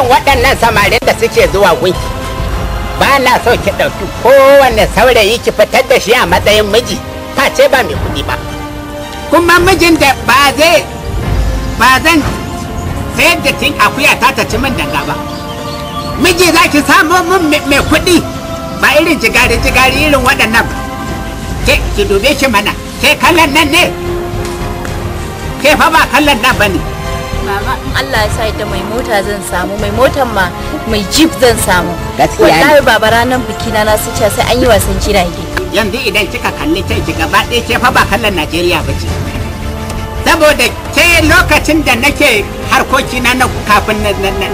irin waɗannan samarin da suke zuwa gunki ba na so ki ɗauki kowane saurayi ki fitar da shi a matsayin miji face ba mai kuɗi ba kuma mijin da ba zai ba zan sayar da tun akuya ta ta min danga ba miji za ki samo min mai kuɗi ba irin jigari jigari irin waɗannan ke ki dube shi mana ke kallon nan ne ke fa ba kallon nan ba ne Allah ya sa ita mai mota zan samu mai motan ma mai jeep zan samu wallahi baba ranar biki na na sace sai an yi wasan jirage yanzu idan kika kalli ce ki gaba ɗaya ce fa ba kallon Najeriya ba ce saboda ke lokacin da nake harkoki na kafin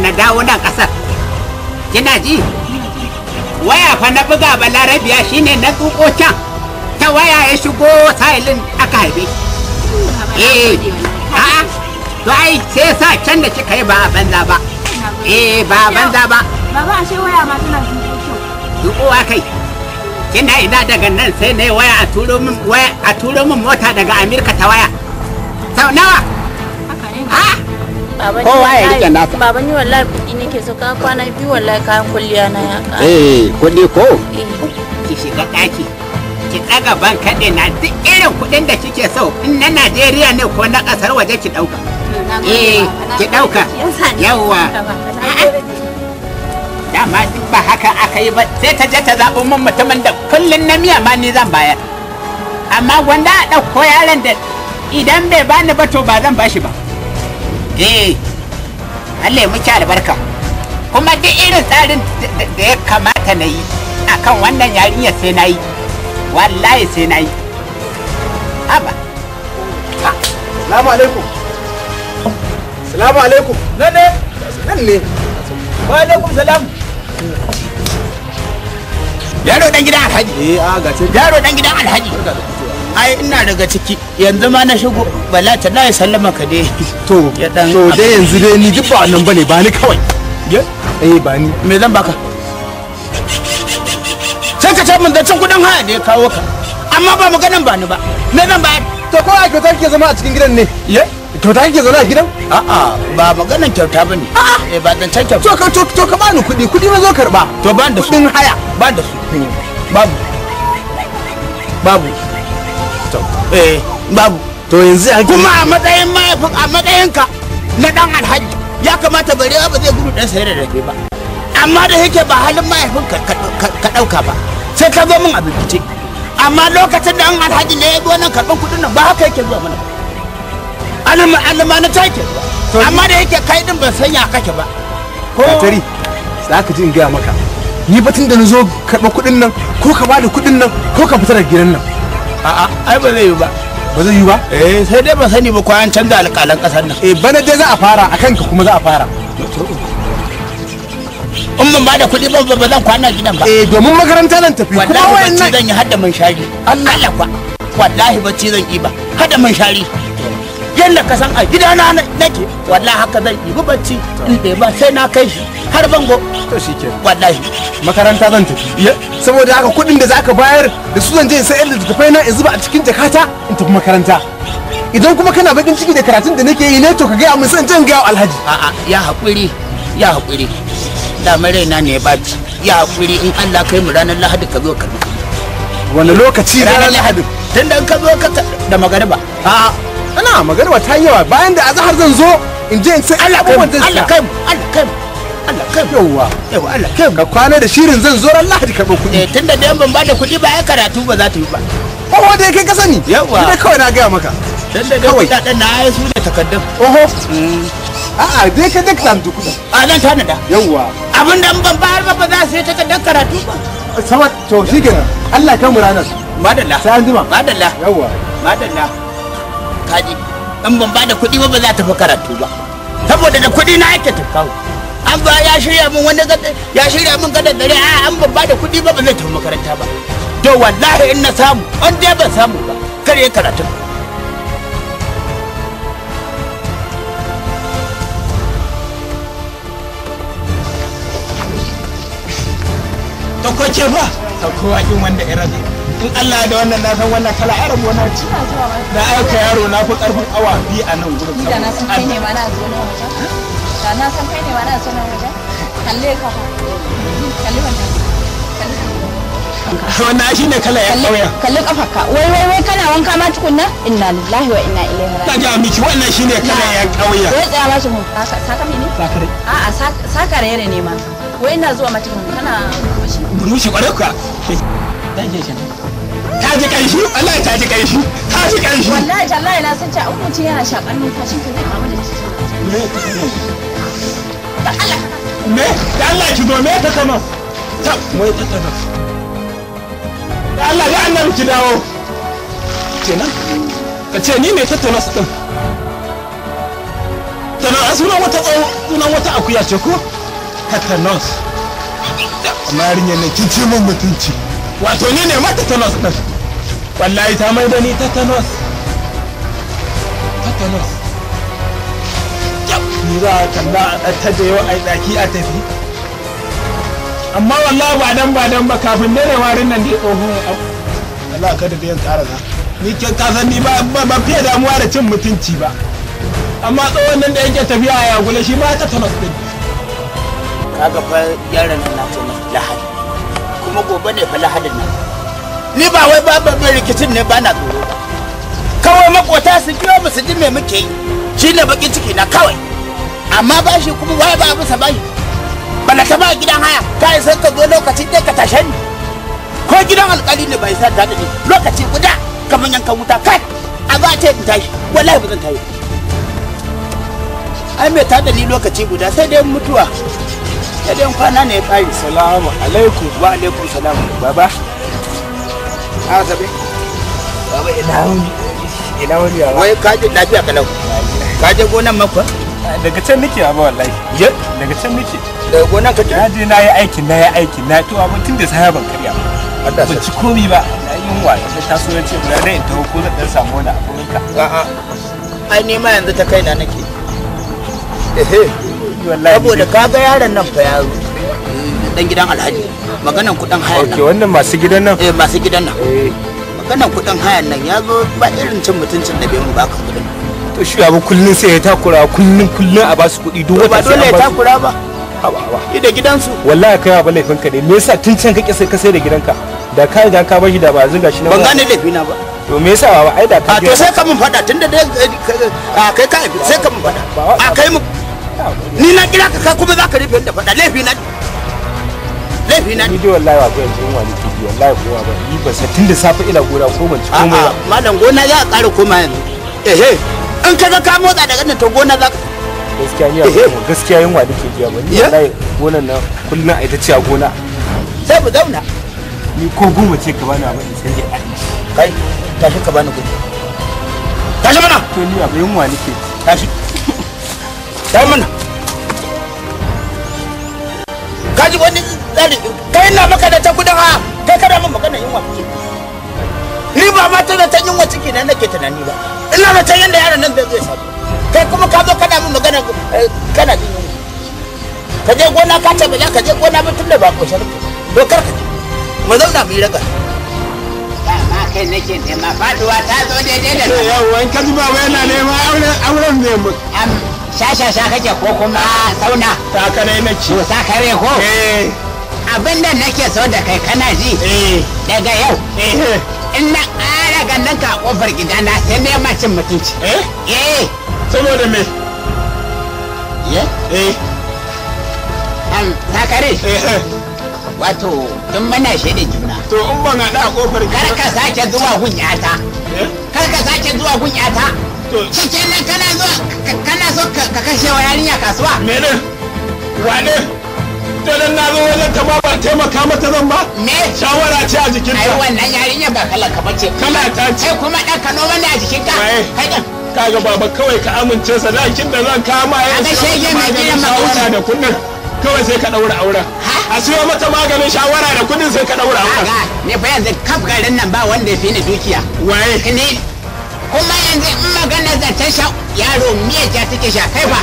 na dawo nan ƙasar kina ji waya fa na buga balarabiya shine na tsoko can ta waya ya shigo sahilin aka haife eh a'a to ai sai sa can da kika yi ba a banza ba eh ba a banza ba baba ashe waya ma tana duko kai kina ina daga nan sai na waya a turo min waya a turo min mota daga Amerika ta waya sau nawa ha ah! kowa ya rike nasa baban ni wallahi kudi nake so ka kwana biyu wallahi kayan kulliya na ya ka eh kudi ko eh. ki shiga daki ki ɗaga ban kaɗe na duk irin kuɗin da kike so in na Najeriya ne ko na ƙasar waje ki ɗauka. Eh, ki ɗauka. Yawwa. Dama duk ba haka aka yi ba sai ta je ta zaɓo min mutumin da kullum na miya ma ni zan bayar. Amma gwanda a ɗauko yaron da idan bai bani ba to ba zan bashi ba. Eh, Allah ya muke albarka. Kuma duk irin tsarin da ya kamata na yi akan wannan yarinyar sai na yi. wallahi sai na yi haba ah, salamu alaikum salamu alaikum nan ne nan ne wa alaikum salam yaro dan gidan alhaji eh a ga ce yaro dan gidan alhaji ai ina daga ciki yanzu ma na shigo bala ta dai sallama ka dai to to dai yanzu dai ni duk ba nan bane ba ni kawai eh ba ni me zan baka sai ka ce min da cin kudin haya da ya kawo ka amma ba maganan ba ni ba me zan bayar to ko a kyauta kike zama a cikin gidan ne ye kyauta kike zama a gidan a'a ba maganan kyauta ba ne eh ba dan can kyauta to ka to ka bani kuɗi kuɗi na zo karba to ban da su kudin haya ban da su babu babu to eh babu to yanzu a kuma a matsayin mahaifin a ka na dan alhaji ya kamata bare ba zai gudu dan sayar da rabe ba amma da yake ba halin mahaifin ka ɗauka ba sai ka zo min a bibice amma lokacin da an alhaji ne ya zo nan karɓar kuɗin nan ba haka yake zuwa mana alama na take amma da yake kai din ban sanya kake ba ko tari za ka ji in gaya maka ni tun da na zo karɓar kuɗin nan ko ka bada kuɗin nan ko ka fita daga gidan nan a'a ai ba zai yi ba ba zai yi ba eh sai dai ban sani ba an canza alƙalan ƙasar nan eh bana dai za a fara akan ka kuma za a fara in mun bada kuɗi ba ba zan kwana gidan ba eh domin makaranta nan tafi kuma wayannan zan yi hadda man shari Allah kwa wallahi bacci zan yi ba hadda man shari yadda ka san a gidana nake wallahi haka zan yi bacci in bai ba sai na kai shi har bango to shike wallahi makaranta zan tafi saboda haka kuɗin da zaka bayar da su zan je sai inda tafai na in zuba a cikin jakata in tafi makaranta idan kuma kana bakin ciki da karatun da nake yi ne to ka gaya mun san jan gaya alhaji a'a ya haƙuri ya haƙuri damar raina ne ba ya kuri in Allah kai mu ranar lahadi ka zo ka zo wani lokaci ranar lahadi tun da ka zo ka da magariba a ana magariba ta yawa bayan da azahar zan zo in je in sai Allah kai Allah kai mu Allah kai mu Allah kai yawa yawa Allah kai ka kwana da shirin zan zo ran lahadi ka ba kuɗi eh, tun da da ban ba da kuɗi ba ai karatu ba za ta yi ba oho dai kai ka sani yawa ina kawai na gaya maka tunda da kuɗaɗen na ai su ne takaddun oho mm. a'a dai ka dai ka samu kuɗi a zan tanada yawwa abin da ban bayar ba ba za su yi ta dan karatu ba sama to Allah kan mu ranar madalla sai an jima madalla yawwa madalla kaji in ban bada kuɗi ba ba za ta fi karatu ba saboda da kuɗi na ake tafkawo an ba ya shirya min wani ya shirya min gadar dare a an ban bada kuɗi ba ba zai tafi makaranta ba to wallahi in na samu an dai ban samu ba kar ya karatu da koke ba ta kowa wanda ya rabe in Allah da wannan na san wannan kala arab wani ci da aika yaro na fi karfin awa biyu a nan gurin da na san kai ne ma na zo nan wajen da na san kai ne ma na zo nan wajen kalle ka kalle wannan wannan shi ne kala ya kauya kalli kafarka wai wai wai kana wanka ma tukunna inna lillahi wa inna ilaihi raji'un kaga miki wannan shi ne kala ya kauya wai tsaya ma shi mu saka ne sakare a a sakare ne ma wai ina zuwa matukun? kana shi rushe kwarai kuwa dage shi ta ji kanshi wallahi ta ji kanshi ta ji kanshi wallahi tallahi na san cewa mutum yana shakar numfashin ka zai kama da ciki me da Allah me da Allah ki zo me ta sama ta mai ta sama da Allah ya annabi ki dawo kenan ka ce ni ne ta tattauna su din tana sunan wata sunan wata akuya ce ko tattanos amma yarinyar nan kin ce mutunci wato ni ne ma tanos din wallahi ta mai da ni ta tanos tetanus ni za a kalla a ta da yau a daki a tafi amma wallahi ba dan ba dan ba kafin ne ne warin nan dai tsohon Allah ka da yan tsara za ni kin ka san ni ba ba fiye damuwa da cin mutunci ba amma tsohon nan da yake tafiya ya gula shi ma tanos din kaga fa yaran nan na taimaka lahadi kuma gobe ne fa lahadin nan ni ba wai babu mai rikicin ne ba na tsoro ba kawai makota su biyo mu su ji me muke yi shi ne bakin ciki na kawai amma bashi kuma wai ba abin sa ba bashi bala ta ba gidan haya ka isa ka zo lokacin da ka tashe ni ko gidan alkali ne bai sa ta da ni lokaci guda kamar yankan wuta kai a ba ta yi tashi wallahi ba zan tashi ai mai tada ni lokaci guda sai dai mutuwa ya kwana ne kai salamu alaikum wa alaikum salam baba a zabe baba ina wani ina wani yawa wai ka je lafiya kalau ka je gonan daga can nake ba wallahi je daga can nake daga gonan ka na je na yi aiki na yi aiki na to amma tun da saya karya ba ban ci komi ba na yunwa ta taso na ce dai in ko zan dan samu wani abun ka a'a ai nema yanzu ta kaina nake ehe eh. saboda kaga yaron nan fa yaro dan gidan alhaji maganan kuɗin hayan nan wannan masu gidan nan eh masu gidan nan eh. maganan kuɗin hayan nan ya zo ba irin cin mutuncin da bai mu baka kuɗin to shi abu kullun sai ya takura kullun kullun a basu kuɗi duk wata sai an ba takura ba haba haba da gidansu wallahi kai ba laifin ka ne me yasa tun can kake sai ka sai da gidanka da ka riga ka bashi da ba zan gashi na ban gane laifina ba to me yasa ba ai da ka to sai ka mun fada tunda dai kai ka sai ka mun fada a kai mu ni na kira ka kai kuma za ka rufe da faɗa laifi na laifi na ni dai wallahi ba yanzu in wani kidi wallahi ko ba yi ba sai tunda safe ina gona ko ban ci komai ba malam gona za ka ƙara koma yanzu ehe eh. in ka ga ka motsa daga nan to gona za ka gaskiya ni ba eh, eh. gaskiya yunwa nake jiya ba ni wallahi gonan nan kullun a ita ci a gona sai mu zauna ni ko goma ce ka bani abin sai dai a kai tashi ka bani gudu tashi mana to ni ba yunwa nake tashi Daman. Kaji wani tsari kai na maka da ta gudun ha kai kada mun magana yunwa kike. Ni ba ma tana ta yunwa ciki na nake tunani ba. Ina da ta yanda yaron nan zai sabu Kai kuma ka zo kana mun magana eh, kana jin yunwa. Ka je gona ka tabe ka je gona ba da ba koshin ka. Dokar ka. Mu zauna mu yi raga. kai nake nema faduwa ta zo daidai da eh, yawa in ka zuba yana nema auren auren ne mu shashasha kake ko kuma sauna ta sakare nake to kare ko eh abin da nake so da kai kana ji eh daga yau eh in ara ƙara ganin ka kofar gidana sai ne ma cin mutunci eh eh saboda me ye eh an kare eh, eh wato in muna shaida juna to in ban hada kofar gidana eh? kar ka sake zuwa gunyata kar ka sake zuwa gunyata Cikin nan kana zuwa so ka kashe yarinya kasuwa? Mene? Wane? Dole na zo wajen ta ba ban taimaka mata zan ba? Me? Shawara ce a jikinta. Ai wannan yarinya ba kala ka ce. Kala ta ce. Ai kuma ɗan ka noma ne a jikinka. Kai Ka ga baba kawai ka amince sadakin da zan kama ya shi. Kaga shege mai gidan shawara da kuɗin. Kawai sai ka ɗaura auren. A siyo mata maganin shawara da kuɗin sai ka ɗaura auren. Kaga ne fa yanzu kaf garin nan ba wanda ya fi ni dukiya. Waye? Ni kuma yanzu in magana ta sha yaro miyar ta take sha kai ba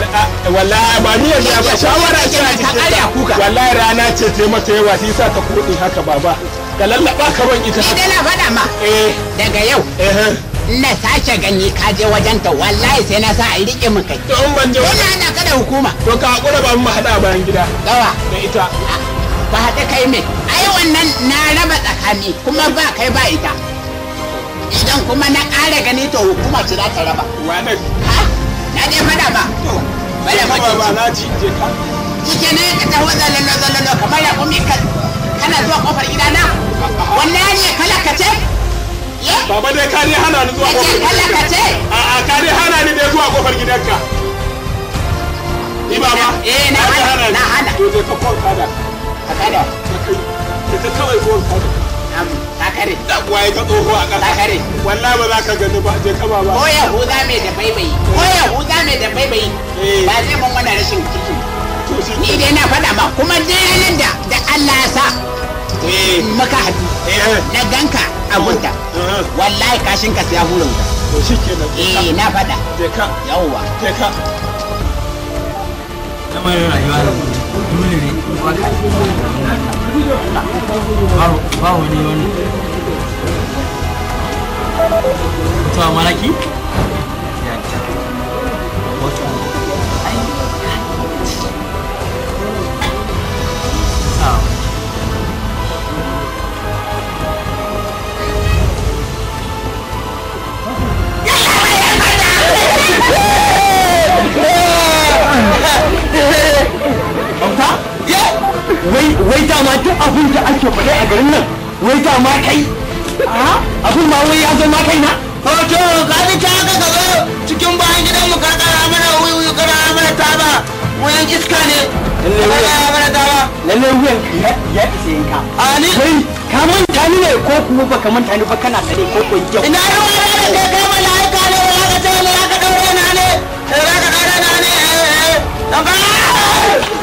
wallahi ba miyar ja ba shawara ce a cikin kuka. wallahi rana ce ta mata yawa shi yasa ka kodi haka baba ka lallaba ka ban ita idan na fada ma eh. daga yau eh. na sace ganye ka je wajen ta wallahi sai na sa a rike min kai to in ban je wannan ana kada hukuma to ka hakura ba mu hada bayan gida gawa da ita ba hada kai me ai wannan na raba tsakani kuma ba kai ba ita idan kuma na kare gani to hukuma ce za ta raba wane na ne mana ba bala ma ba na ji je ka kike ne ka taho zalalo zalalo kamar ya umi ka kana zuwa kofar gidana wallahi ne kala ka ce eh? Baba dai ka ne hana ni zuwa kofar gidanka. A'a ka ne hana ni dai zuwa kofar gidanka. Ni baba. Eh na hana na hana. To je ka kofar kada. Ka kada. Ka kai. Ka kawai kofar kada. takare waye ka tsoho a ƙasa takare ba za ka gani ba je kama ba ko ya mai da baibayi ko eh. ya mai da baibayi eh. ba zai mun wannan rashin kirki ni dai na faɗa ma kuma dai da da Allah ya sa eh. maka hadu na ganka a gunta wallahi kashin ka sai ya hura eh na faɗa yawwa rayuwa dole ne ba wani wani to malaki ya ta wato wai wai dama duk abin da ake faɗi a garin nan wai dama kai abin ma wai ya zama kai na hoto ka ji ta haka ka zo cikin bayan gidan mu karkara mana wuyu karkara mana taba wuyan iska ne karkara mana taba lalle wuyan ya isa yanka a ni kai ka manta ni ne ko kuma baka manta ni ba kana tsare ko ko yau ina ruwa da kai kai mala'ika ne wala ka ce ne ya ka daure na ne ya eh, ka daure na ne eh eh, eh.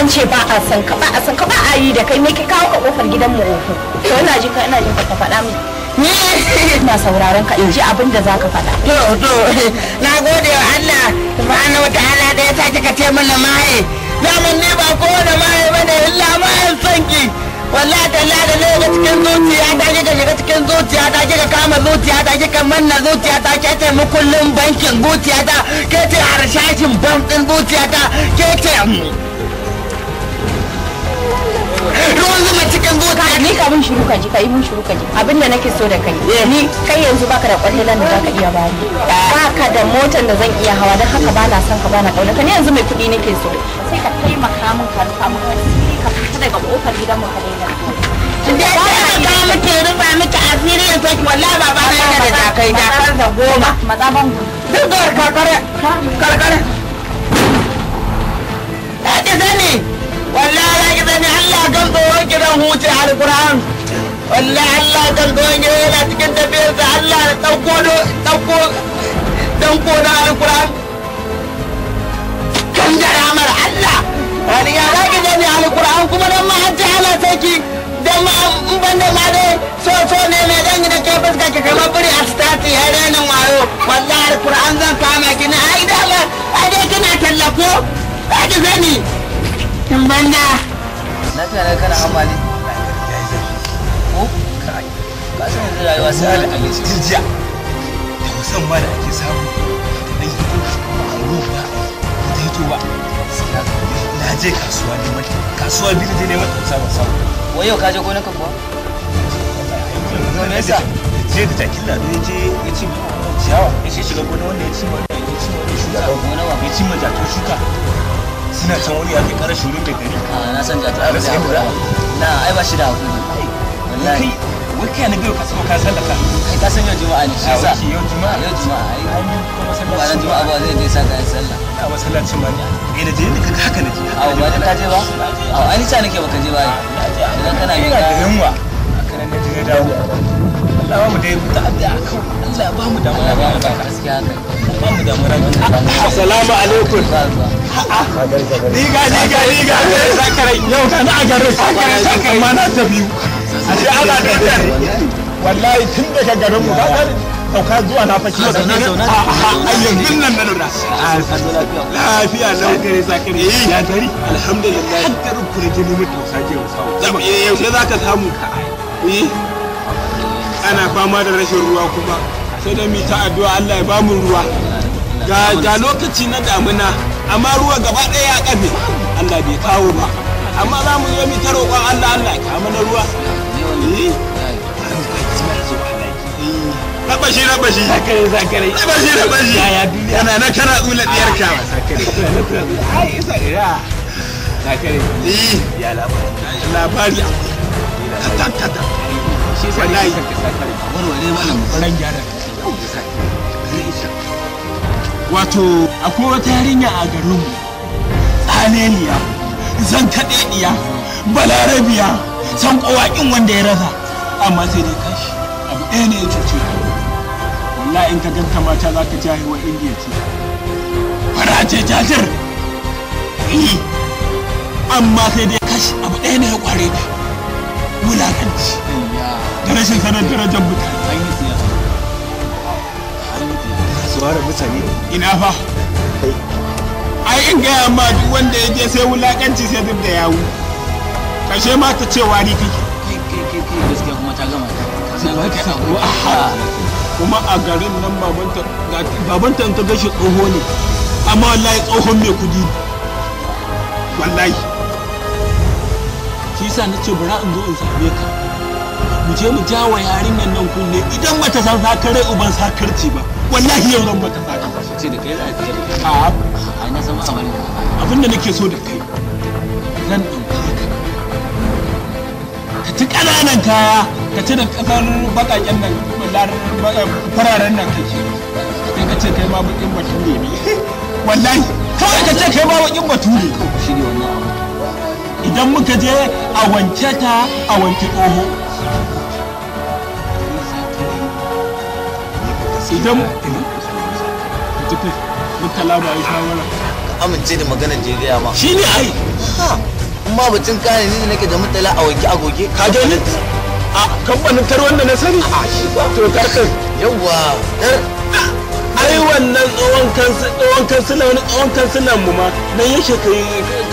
an ce ba a san ka ba a san ka ba a yi da kai me ka kawo ka kofar gidan mu ofu to ina jin ka ina jin ka faɗa ni ina sauraron ka in ji abin da zaka faɗa to to na gode wa Allah subhanahu wa ta'ala da ya sa kika ce mana maye zaman ne ba ko da maye bane illa mayan sanki wallahi la da ne ga cikin zuciya ta kika shiga cikin zuciya ta kika kama zuciya ta kika manna zuciya ta ke ce kullum bankin zuciya ta ke ce harshashin bankin zuciya ta ke ce mm. ruwan zuma cikin bota ni ka mun shiru ka ji ka yi mun shiru ka ji abinda nake so da kai ni kai yanzu baka da nan da zaka iya bani baka da motar da zan iya hawa don haka ba na son ka bana kauna ka ni yanzu mai kuɗi nake so sai ka taimaka min ka rufa mun asiri ka fita daga kofar gidan mu ka daina da ya ga muke rufa miki asiri ya sai wallahi baba na yana da dakai dakar da goma matsaban duk da karkare karkare ta ce zane wallahi za ki sani Allah kan tsoron ki zan huce alquran wallahi Allah kan tsoron ki yana cikin tafiyar sa Allah da dauko do dauko dauko da alquran kan gara mar Allah wani ya za ki sani alquran kuma dan ma hajji ala saki dan ma in ban da ma dai so so ne mai dan da ke fuska ki kamar buri a stati ya renin wayo wallahi alquran zan kama ki na ai da ai dai kina tallafo ai ki sani Kin banda. Na tana kana amali. Ko kai. Ka san yanzu rayuwa sai da ake jijiya. Da musamman da ake samu. Da rufa. Da ito ba. Na je kasuwa ne mai. Kasuwa biyu ne mai samu samu. Wai yau ka je gonar ka kuwa? Gonar sa. Je da takin lado ya je ya ci ciyawa. Ya shiga gonar wanda ya ci wanda ya ci wanda ya Ya ci shuka. suna can wani ake kara shuru da gari a ah, na san jata ba sai hakura na ai ba shi da ne. wallahi wai kai na biyu ka so ka sallaka ai ka san yau juma'a ne shi ah, yau juma'a yau juma'a ai ai kuma sallah juma'a ba zai je saka ai sallah a masallacin ba eh da je ka haka ne. je a ba ka je ba a ai ni ta nake baka je ba idan kana bi ka yunwa kana ne je dawo Allah ba mu da ta adda akan Allah assalamu alaikum diga diga diga yau kana a garin sakarai sakarai mana na ta biyu ashe ana da ta wallahi tun daga garin mu ka gani zuwa na fashi da ne a ah, ah, ah, yanzu nan na lura lafiya lafiya eh, ya tari alhamdulillah haddarin kuma jini mutum sake wa samu samu ka eh. ana fama da rashin ruwa kuma sai da mu ta addu'a Allah ya bamu ruwa ga ga lokaci na damuna amma ruwa gaba ɗaya ya kafe Allah bai kawo ba amma za mu yi ta roƙon Allah Allah ka mana ruwa eh. rabashi rabashi sakare sakare rabashi rabashi yaya duniya na kana tsula diyar ka sakare ai isa ira sakare eh ya labari labari shi sai da shi ka sakar warware malam ran gyara wato akwai wata yarinya a garin mu tsaneliya zan kaɗe balarabiya san kowakin wanda ya rasa amma sai dai kashi abu ɗaya ne ya cuce wallahi in ka ganta mata za ka jahi wa indiya ce fara ce jajir amma sai dai kashi abu ɗaya ne ya kware ta wulakanci rashin sanar da rajab suwara mutane ina fa ai in gaya ma duk wanda ya je sai wulakanci sai duk da yawu kashe ma ta ce wari kake gaskiya kuma ta gama kuma a garin nan babanta babanta ta gashi tsoho ne amma wallahi tsohon mai kudi wallahi shi sa na ce bara in zo in same ka mu je mu jawa yarinyar nan kunne idan bata san sakare uban sakarci ba wallahi yau ran bata saka ce da kai za ka a a na zama a abin da nake so da kai zan dauka ka ci kananan kaya ka ci da kasar baƙaƙen nan eh, fararen nan kake sai ka ce kai ma bakin batu ne wallahi kawai ka ce kai ma batu ne shi ne wannan idan muka je a wance ta a wanke tsoho idan tafi mutala ba shawara amince da maganar da ma shi ne ai ma batun kayan ni nake da mutala a wanke agoge ka ga ni a kamfanin tar wanda na sani a shi ba to tar kan yawa tar ai wannan tsohon kansu tsohon kansila wani tsohon kansilan mu ma nan ya shaka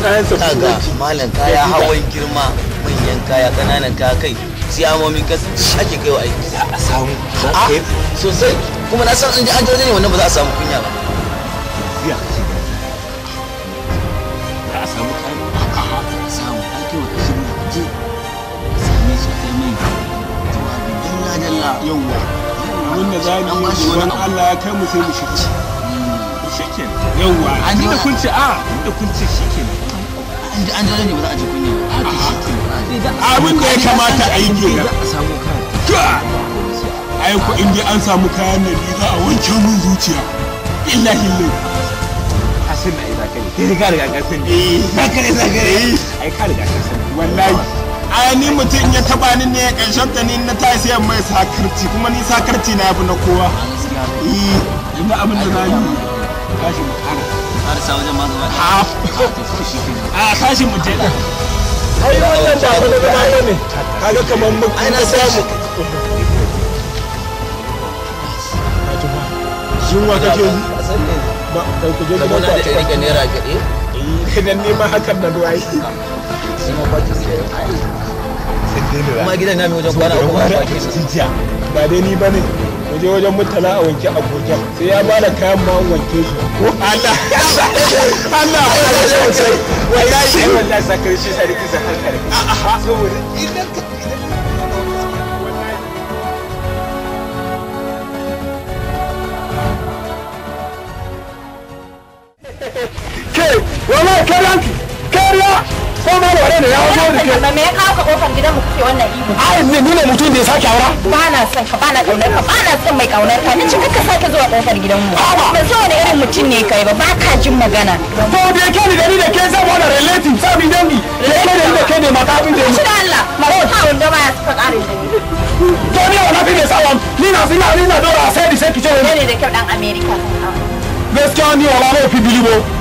kayan sa kaga malam kaya hawan girma manyan kaya kananan kaya kai siyamomi kas ake kaiwa aiki a samu sosai kuma na san an ji an ne wannan ba za a samu kunya ba a samu a'a samu ne a je a same kai yawwa yi wani Allah ya kai mu sai a shikin ba a ji kunya ba a a samu ai ko in dai an samu kayan nan za a wanke mun zuciya illahi ne asin na ida kai kai ka riga ka sani eh ka kare za ka ai ka riga ka sani wallahi ai ni mutum ya taba ni ne karshen ta ni na tashi sai mai sakarci kuma ni sakarci na yafi na kowa eh ina abin da za yi tashi mu kara karasa wajen ma zuwa ha a ah, tashi mu je ai wannan da abin da ne kaga kamar mun ai na samu yunwa kake yi ba ku je gidan kwace ka rike naira gade eh, nan ne ma hakan na ruwa yi shi ba kwace sai kuma gidan na mai wajen kwana kuma kwace jijiya ba dai ni bane mu je wajen mutala a wanke agogon sai ya bada kayan ma wanke shi ko Allah Allah wallahi wallahi sakar shi sarki sa hankali a'a saboda idan ka wallahi kariya kariya ko ma da wane ya zo da ke me ya kawo ka kofar gidan mu kuke wannan ihu ai ne nuna mutum da ya sake aura ba na son ka ba na kaunar ka ba na son mai kaunar ka ni cika ka sake zuwa kofar gidan mu ba zo wani irin mutum ne kai ba ba ka jin magana to da ke ni da ni da ke zan wani relative sami dangi da ke da ni da ke ne mata abin da shi Allah ma ta wanda ba ya suka kare da ni to ni wannan fi ne sawan ni na sina ni na dora sai di sai kice ne ne da kyau dan America gaskiya ni wala ne fi bilibo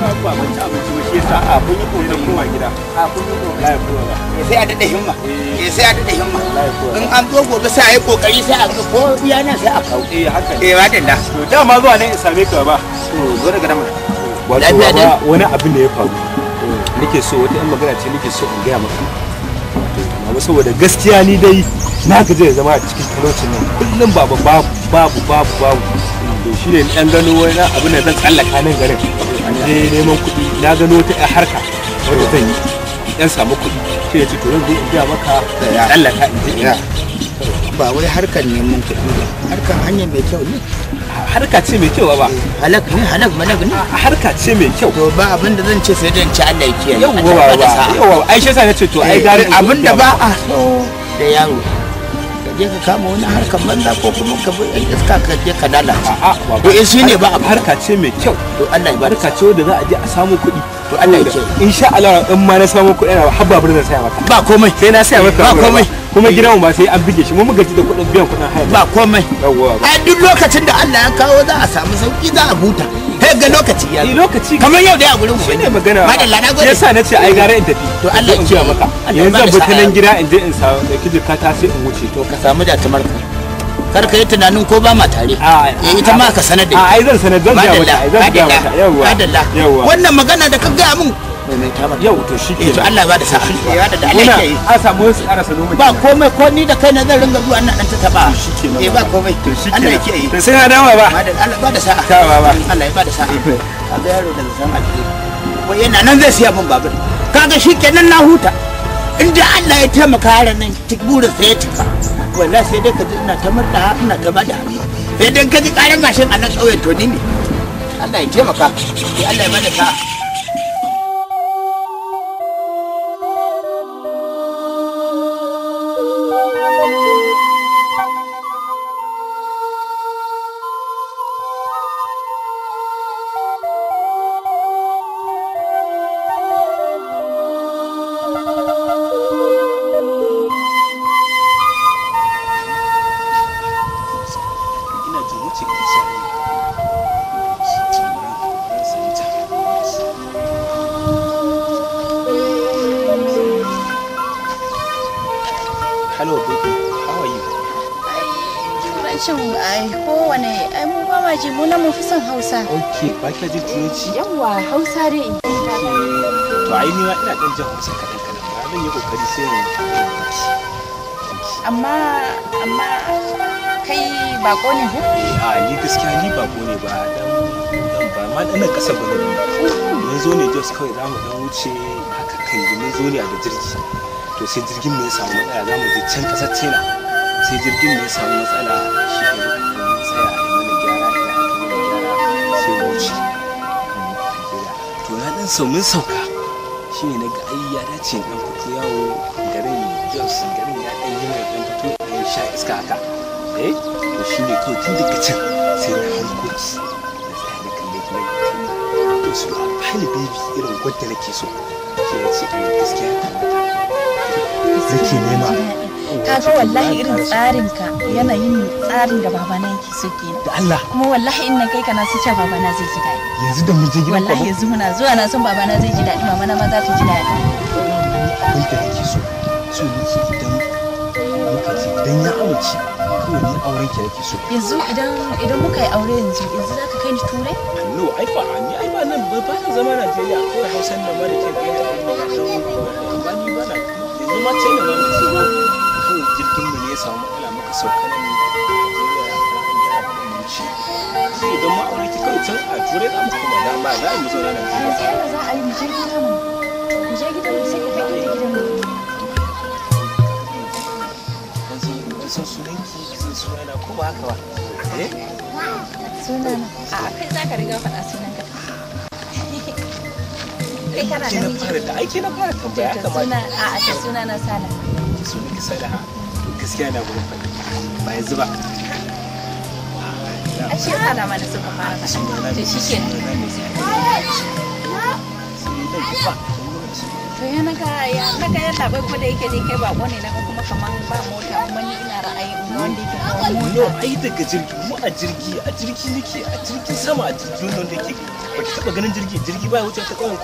ba mun ci abinci ba shi yasa a ah, kun yi kokari ma gida a ah, kun yi kokari sai a dade himma eh sai a dade himma eh. Eh, in an zo gobe sai a yi kokari sai a ko biya nan sai a kawo eh haka eh ba dinda to dama zuwa nan in same ka ba to zo daga nan wato wani abin da ya faru eh. nake so wata yan magana ce nake so in gaya maka amma saboda gaskiya ni dai na gaje zama a cikin talaucin nan kullum babu babu babu babu babu to shine dan gano wani abin da zan tsallaka nan garin je neman kuɗi na gano wata ya harka wanda zan yi yan samu kuɗi sai ya ce to yanzu in biya maka tsallaka in je ba wai harkar neman kuɗi ba harkar hanya mai kyau ne harka ce mai kyau ba halak ne halak malak ne harka ce mai kyau to ba abinda zan ce sai dan ci Allah ya kiyaye yawa ba ba yawa ai shi yasa nace to ai gari eh, Abinda ba a so da yaro je ka kama wani harkar banza ko kuma ka bi yan iska ka je ka lalata a'a to in eh, shine ba harka ce mai kyau to Allah ya barka ce wanda za a je a samu kuɗi to Allah ya ce insha Allah in ma na samu kuɗi na habba burin zan saya maka ba komai sai na saya maka ba komai kuma eh. gidan ba sai an bige shi muka ji da kuɗin biyan kuɗin haya ba komai yawwa a duk lokacin da Allah ya kawo za a samu sauki za a huta kai ga lokaci ya eh, lokaci kamar yau da ya gurin mu ne magana madalla na gode yasa nace ai gara in tafi to Allah ya kiyaye maka yanzu zan bi nan gida in je in sa da kiji ka ta sai in wuce to ka samu da tamarka kar ka yi tunanin ko ba ma tare ah, eh, ita ma ka sanar da ita ah, ai zan sanar zan ga mata zan ga mata yawa wannan magana da ka ga mun yau to eh, to Allah ba da sa ya da Allah yake a samu su ƙara salo ba komai ko ni da kaina zan ringa zuwa nan ta taba shike eh ba komai to Allah yake yi sai hadawa ba Allah ba da sa ka ba ba Allah ya ba da sa eh, eh. ka ga yaro da yana nan zai siya mun babur kaga na huta inda Allah ya taimaka yaran nan burin sa ya cika wallahi sai dai ka ji ina ta murna ina ta bada sai ka ji ƙarin gashin a nan tsawon to ni ne Allah ya taimaka Allah ya bada sa'a kina jin turanci yawa hausa dai to ai ni ma ina dan jin hausa kadan kadan ba zan yi kokari sai mu amma amma kai bako ne ba. Eh, a ni gaskiya ni bako ne ba dan ba ma dan kasa ne. mun zo ne jos kawai zamu dan wuce haka kai mun zo ne a da jirgi to sai jirgin mai samu matsala zamu je can kasar China sai jirgin mai samu matsala shi ne ɗan sau mun sauka shi ne na ga ai ya dace ɗan fito yawo garin jos garin ya ɗan yi mai ɗan fito dan sha iska haka eh to shi ne kawai tun daga can sai na hau hanko da tsaya na kalle kuma to su a bani baby irin gwadda nake so shi ne ce eh, gaskiya kamata zake nema kaga wallahi irin tsarin ka yanayin tsarin da babana yake so ke da Allah kuma wallahi in na kai ka na su ce babana zai ji daɗi yanzu da mu je gidan wallahi yanzu muna zuwa na san babana zai ji daɗi na ma za ta ji daɗi abin da yake so so nake idan lokaci idan ya amince kawai ni auren ki yake so yanzu idan idan muka yi aure yanzu yanzu za ka kai ni turai no ai ba ni ai ba nan ba ba zama Najeriya je Hausa nan ma da ke gaita ba ni ba na ma ce ne ba ni ya samu matsala idan ki can a turai za mu kuma da ba za mu zauna za a yi mu je mu mu je mu sai ka kai gidan mu sai mu san sunan ki san sunan haka ba eh sunan a kai za ka riga faɗa sunan ka kai kana da na fara tambaya kamar a a sala sunan ki gaskiya da gurin faɗi ba yanzu a da suka fara to shi ke to ya ya ya taɓa ko da yake ne kai bako ne naga kuma kamar ba mota kuma ina ra'ayi wanda yake kawo mota ai daga jirgi mu a jirgi a jirgi nake a sama a wanda yake ba ki ganin jirgi jirgi ba ya wuce ta kawai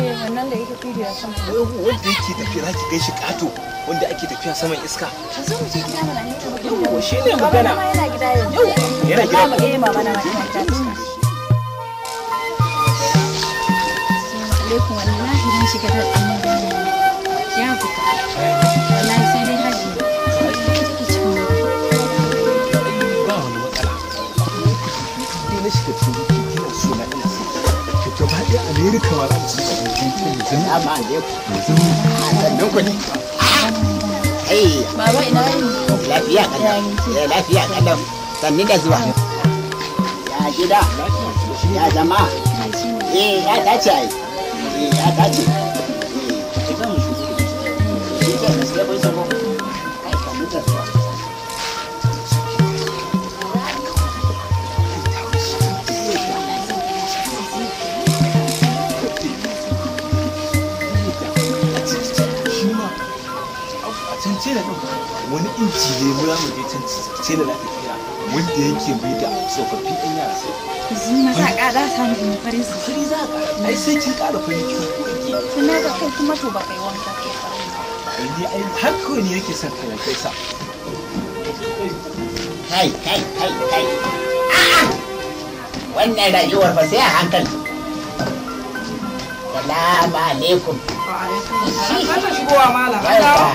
eh wannan da yake sama wanda yake tafiya kai shi kato wanda ake tafiya saman iska ni duka wa za mu san ne ai baba lafiya kadan eh lafiya kadan ya gida ya zama eh ya dace ai eh ya dace eh tela din wani inci ne mu za mu je can tela na tafiya wanda yake mai da tsofaffi ɗan yara sai yanzu na za ka za ta mu fari su fari za ka ai sai kin ƙara fari kin sannan ga kai kuma to ba kai wanda ke ba ai har kawai ne yake son kana kai sa kai kai kai kai a'a wannan rayuwar ba sai a hankali salamu alaikum wa alaikum salam kana shigowa malam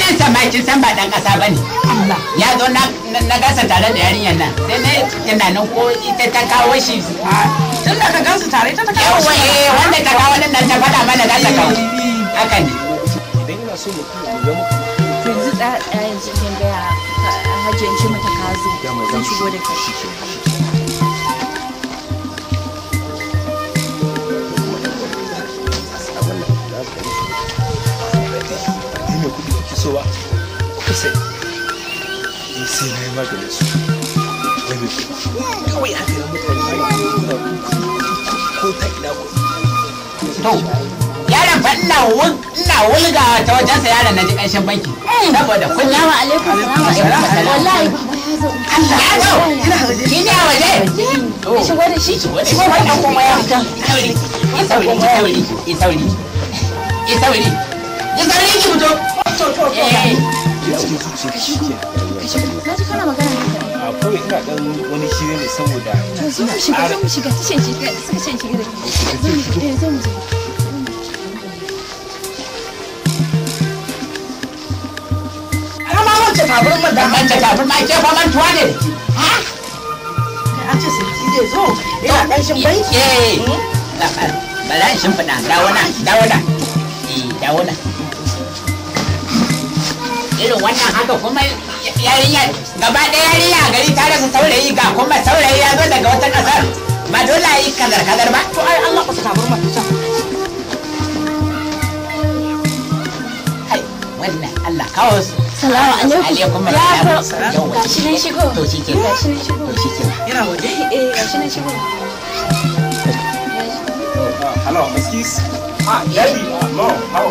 yin samaki san ba dan kasa bane ya zo na gasa tare da yarinyar nan sai ne yana nan ko ita ta kawo shi ah, tun da ka tare ta kawo shi eh, wanda ta kawo nan ta faɗa mana gasa ta kawo haka ne idan ina so mutum ya ga muku yanzu da yanzu kin ga hajjin shi mata kazo sun shigo da kashi sai sai na yi maganin su wani su yaran fa ina wun ina wulga ta wajen sa yaran na ji banki saboda kun yawa alaikum wallahi ya zo waje shi kuma ya fita sauri sauri sauri sauri sauri ki fito to to to ya umma ka shigo ka shigo na ji kana magana da ne saboda zo mu shiga banki eh bala shin fada dawo eh irin wannan haka kuma yarinya gaba ɗaya yarinya gari ta rasa saurayi ga kuma saurayi ya zo daga wata ƙasar ba dole yi kazar kazar ba to ai Allah ku saka burma ta wannan Allah kawo su salamu alaikum ya ko nan shigo to nan shigo to yana waje eh, eh nan shigo hello ah eh. no how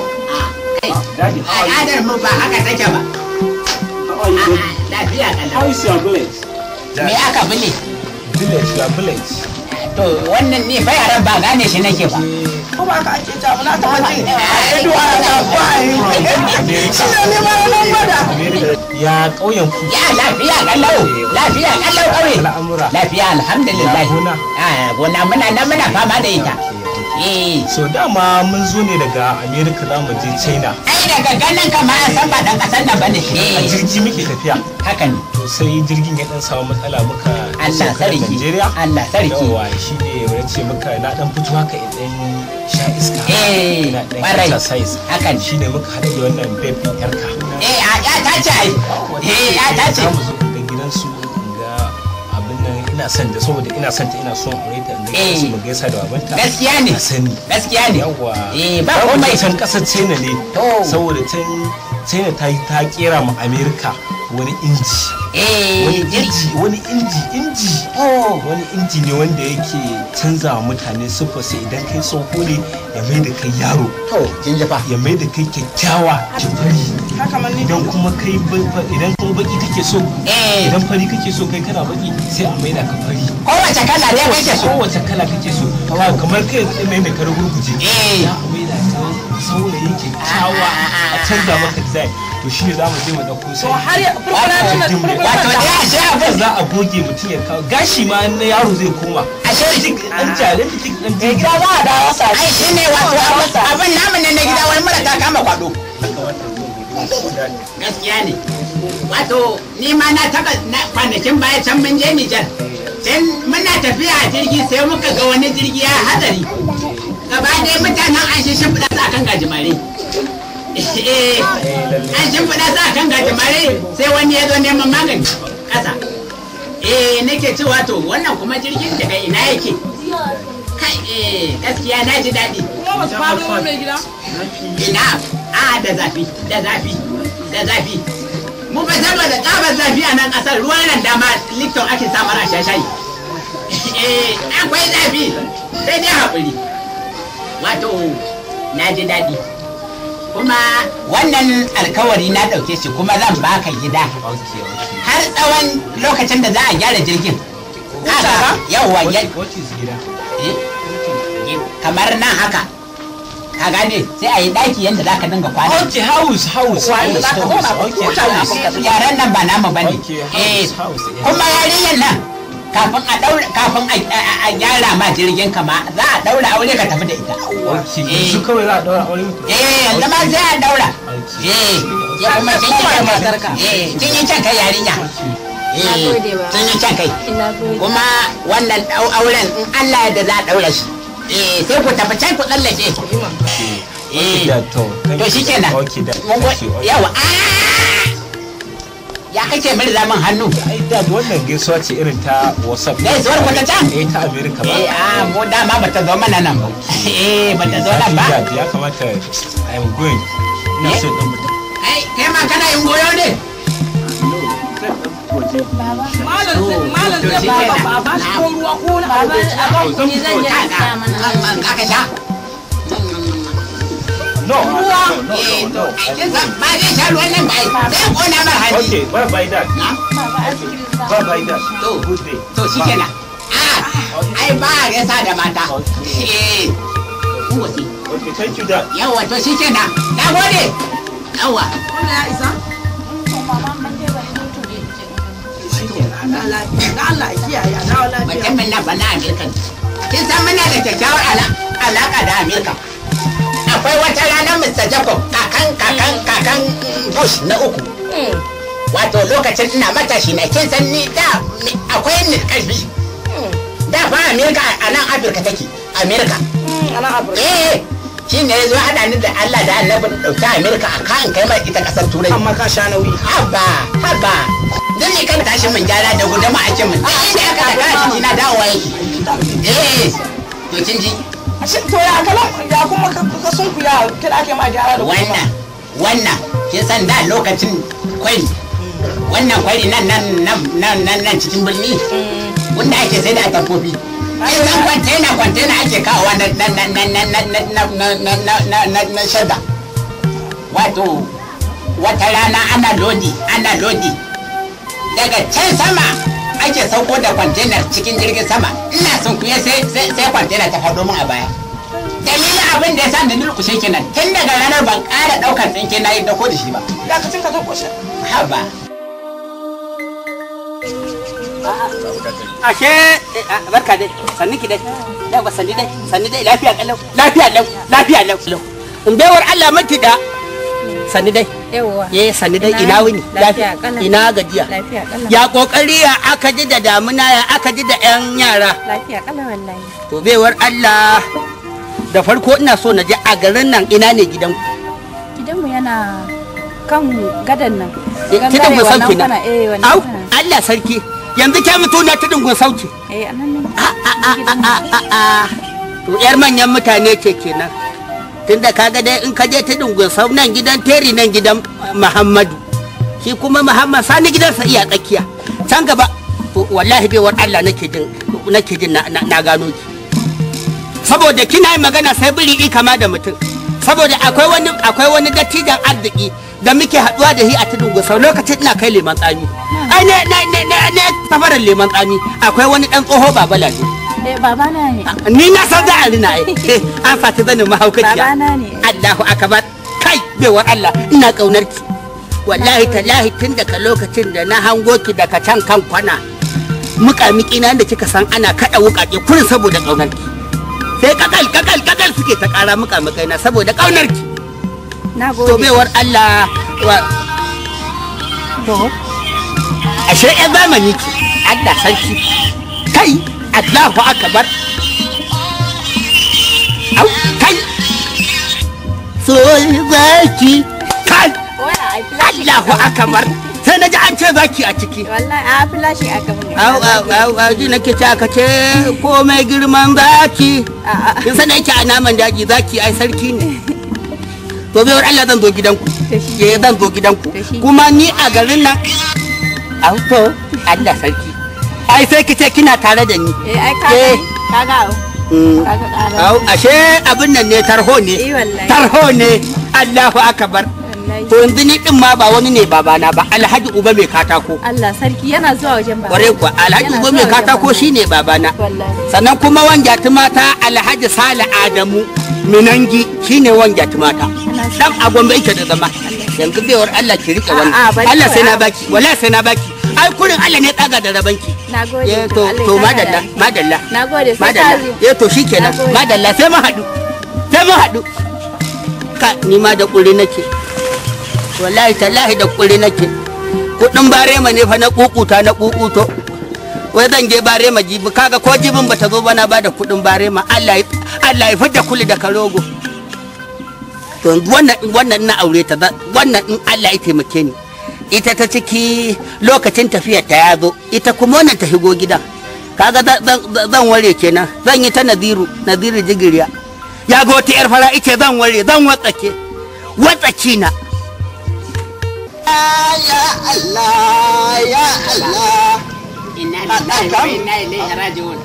al'adar mu ba ba lafiya to wannan ne fa yaran ba gane shi nake ba na a ya kauyen ku ya lafiya kallau lafiya kallau kauye lafiya alhamdulillah ah, gona muna nan muna fama da ita Eh. so dama mun zo ne daga america za mu je china ai daga ganin kama a san ba dan kasan nan bane a eh. jirgi muke tafiya haka ne to sai jirgin ya dan samu matsala muka Allah sarki Allah sarki yawa shi ne ya ce muka na dan fito haka in dan sha iska eh barai haka shi ne muka haɗu da wannan babe yarka eh ya tace ai eh ya tace mu zo gidan su ina son ta saboda ina son ta ina son aure ta inda eh. su mu gaisa da babanta gaskiya ne gaskiya ne yawa eh ba komai san kasar China ne saboda tun china ta ta kera ma america wani inji eh, wani inji inji oh. wani inji ne wanda yake canza wa mutane siffa sai idan kai tsoho ne ya mai da kai yaro ya mai da kai kyakkyawa jibiri idan kuma kai idan kuma baki kake so eh. idan fari kake so kai kana baki sai a mai da ka fari kowace kala ne kake so kowace kala kake so kamar kai mai da ka rugurguje eh. saurayin ki kyawa a canza maka design to shi ne za mu je mu ɗauko sai har ya wato ne ashe abin za a goge mutum ya kawo gashi ma na yaro zai koma ashe duk an jale duk an je gida eh, za a dawo sa ai shi ne wato abin namu ne na gida wani mura ta kama kwado gaskiya ne wato ni ma na taba kwanakin baya can mun je Nijar sai muna tafiya a jirgi sai muka ga wani jirgi ya hadari gaba ɗaya mutanen an shi shimfiɗa su akan gajimare eh, an shimfiɗa su akan gajimare sai wani ya zo neman magani ƙasa eh nake cewa to wannan kuma jirgin daga ina yake kai eh gaskiya na ji daɗi ina a da zafi da zafi da zafi mu ba saboda tsabar zafi a nan ƙasar ruwan nan dama lifton ake samar a shashayi eh akwai zafi sai dai haƙuri wato na ji daɗi kuma wannan alkawari na ɗauke shi kuma zan baka gida har tsawon lokacin da za a gyara jirgin haka yawwa eh? kamar nan haka ka gane sai a yi ɗaki yadda za ka dinga kwana ok house house house yaran nan ba nama ba ne eh, kuma yarinyar nan kafin a daura kafin a gyara ma jirgin kama za a daura aure ka tafi da ita shi eh. kawai za a daura aure eh yanzu ma sai a daura eh ya kuma kin yi kai matar eh kin yi can kai yarinya eh, kin yi can kai kuma wannan auren in Allah ya da za a daura shi eh sai ku tafi can ku tsallake eh to shi kenan yawa ah! ya kake mai zaman hannu ai da wannan gaisuwa ce irin ta whatsapp ne zuwa kwata ta eh ta america ba eh ah mu da ma bata zo mana nan ba eh bata zo nan ba ya kamata i am going na so dan mutum ai kai ma kana yin goyo ne Malam malam baba no no no no no no no no no no no no no no no no no no na no no dad to good ah ba ya da mata eh, okay thank you dad yawa to shikenan na gode yawa kuma ya isa Allah kiyaye na lafiya. Mutumin na bana Amerika. alaƙa da Amerika. akwai wata rana Mr. Jacob kakan kakan mm. kakan Bush na uku. Mm. Wato lokacin ina matashi na kin san ni da akwai ni kashi. Mm. Da fa Amerika a nan Afirka take. Amerika. A nan Afirka. Eh. Shi ne zo haɗa ni da Allah da Annabi da ɗauki Amerika a kan kai mai ita ƙasar Turai. Amma ka sha nauyi. Haba, haba. Don ne kan tashi mun gyara da ma ake mun. Inda aka daga a na dawowa yake. Eh. To kin ji. to ya kalan ya kuma ka sun ku ya kira ake ma gyara da wannan wannan kin san da lokacin kwari wannan kwari nan nan nan nan nan cikin birni wanda ake sai da tamfofi Idan kwantena kwantena ake kawowa na na na na na na na na na na shada. Wato wata rana ana lodi ana lodi daga can sama ake sauko da kwantenar cikin jirgin sama ina son kuye sai kwantena ta faɗo min a baya dalilin abin da ya sa da nurkushe kenan tun daga ranar ban ƙara ɗaukar tsinke na yi ko da shi ba da ka tsinka dako shi haba ashe eh, ah, barka dai sanni ki dai ba sanni dai sanni dai lafiya lau, lafiya lau lafiya lau in baiwar Allah maki da sani dai yawa eh sani dai ina wuni ina gajiya lafiya ya kokari ya aka ji da damuna ya aka ji da yan yara lafiya kala wallahi to bewar Allah da farko ina so na je a garin nan ina ne gidan ku. Gidan mu yana kan gadan nan gidan mu ke na. au Allah sarki yanzu ke mutu na tudun gusau ke eh anan ne a a a a to yar manyan mutane ce kenan tunda kaga dai in ka je ta sau nan gidan teri nan gidan muhammadu shi kuma muhammad sani gidansa iya tsakiya can gaba wallahi wani allah nake jin nake jin na gano ki saboda kina yi magana sai biri kama da mutum saboda akwai wani akwai wani dattijan arziki da muke haduwa da shi a dungun sau lokacin ina kai leman tsami ai ne ne ne ne safarar leman tsami akwai wani dan tsoho baba Eh babana ne. Ni na san za a rina eh. An saki zanin mahaukaciya. Babana ne. Allahu akbar. Kai baiwar Allah ina kaunar ki. Wallahi tallahi tun daga lokacin da na hango ki daga can kan kwana. Mukamiki na da kika san ana kada wukake kurin saboda kaunar ki. Sai kakal kakal kakal suke ta kara mukamikai na saboda kaunar ki. Na gode. To baiwar Allah wa To. Ashe ya zamani ki. Allah sarki. Kai Allahu akbar au kai so zaki kai Allahu akbar sai naji an ce zaki a ciki wallahi a flashi aka mun au au au ji nake ta aka ce komai girman zaki in sai nake a naman daji zaki ai sarki ne to bai Allah zan zo gidanku ke eh, zan zo gidanku kuma ni a garin nan au to Allah sarki ai sai ki ce kina tare da ni eh ai ka eh. ka ga mm. au ashe abin nan ne tarho ne eh, tarho ne Allahu akbar to yanzu ni din ma ba wani ne babana ba Alhaji Uba mai katako Allah sarki yana zuwa wajen baba kware kuwa Alhaji Uba mai katako shine babana sannan kuma wanja mata Alhaji Sale Adamu Minangi shine wanja mata dan a yake da zama yanzu baiwar Allah ki rike wannan Allah sai na baki wallahi sai na baki ai kurin Allah ne tsaga da rabanki nagode eh, to to madalla madalla nagode sai madalla eh to shikenan madalla sai mu hadu sai mu hadu ka ni ma da kuri nake wallahi tallahi da kuri nake kudin barema ne fa na kukuta na kukuto wai zan je barema jibi kaga ko jibin bata zo bana ba da kudin barema Allah Allah ya fada kuli da karogo to wannan wannan na aure ta wannan in Allah ya taimake ni ita ta ciki lokacin tafiyar ta ya zo ita kuma wannan ta higo gidan kaga zan ware kenan zan yi ta naziru naziru jigiriya ya ga wata yar fara ike zan ware zan watsake watsaki na ya Allah ya Allah inna lillahi wa inna ilaihi raji'un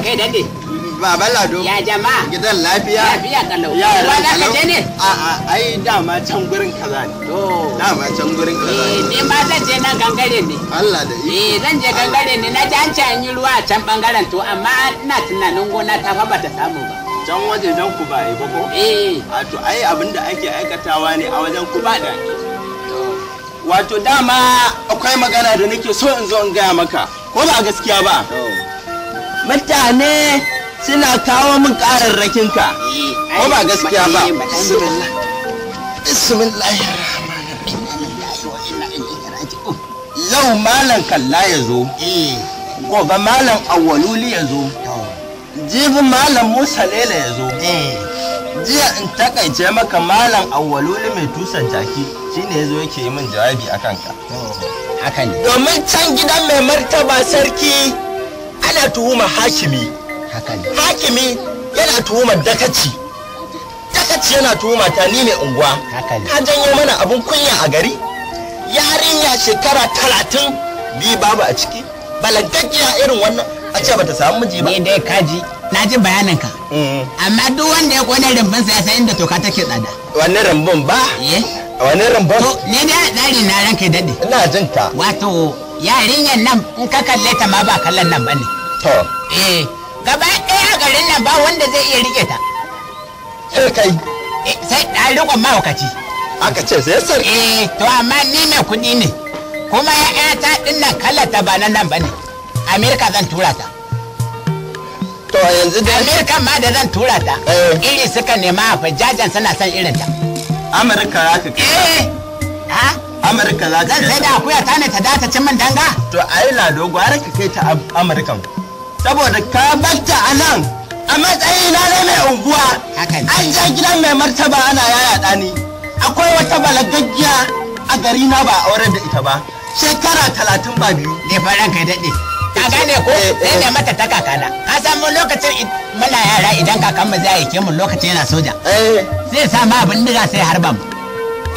kai dade Baba Lado. Ya jama'a. Gidan lafiya. Lafiya kalau. Ya lafiya kalau. je ne? A a ai dama can gurin kaza ne. To. Dama can gurin kaza ne. Eh ni ma zan je nan gangare ne. Allah da iko. Eh zan je gangare ne na jan an ci yi ruwa a can bangaren to amma ina tunanin gona ta fa bata samu ba. Can wajejen ku ba ai ba ko? Eh. A to ai abinda ake aikatawa ne a wajen ku ba da Wato dama akwai magana da nake so in zo in gaya maka. Ko ba gaskiya ba? Mutane suna kawo min kararrakin ka eh, ko ba gaskiya ba eh, yau malam kalla ya zo eh. gobe malam awwaluli ya zo jibin malam musa lela ya zo jiya in takaice maka malam awwaluli mai tusan jaki shine ya yake yi min jawabi a kanka domin can gidan mai martaba sarki ana tuhuma hakimi hakimi yana tuhumar dakaci dakaci yana tuhuma ta ni mai unguwa ka janyo mana abun kunya a gari yarinya shekara talatin biyu babu a ciki balantacciya irin wannan a ce bata samu miji ba ni dai kaji na ji bayanin ka mm. amma duk wanda ya kone rumbun sa ya san inda toka take tsada wannan rumbun ba eh. wannan rumbun to ne dai dari na ranka dade ina jin ta. wato yarinyan nan in ka kalle ta ma ba kallon nan bane to eh gaba ɗaya garin nan ba wanda zai iya rike ta eh kai sai ɗan rikon mahaukaci aka ce sai sai eh to amma ni mai kuɗi ne kuma ta ɗin nan kala ta ba nan ba ne amerika zan tura ta to yanzu dai. amerika ma da zan tura ta eh. iri suka nema a fajajen suna son irin ta amurka za ka eh ha amurka za ka zan sai da akuya ta ne ta da ta cin min danga to ai lado gwara ka kai ta amurkan saboda ka batta a nan a matsayin na mai unguwa an ja gidan mai martaba ana yaya ɗani akwai wata balagaggiya a gari na ba aure da ita ba shekara talatin ba biyu ne faran kai daɗe ka gane ko sai eh, eh. ne mata ta kakana ka samu lokacin muna yara idan kakan zai aike mu lokacin yana soja eh. zai sa ma bindiga sai harba mu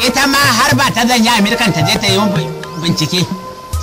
ita ma harba ta zanya amirkan ta je ta yi bincike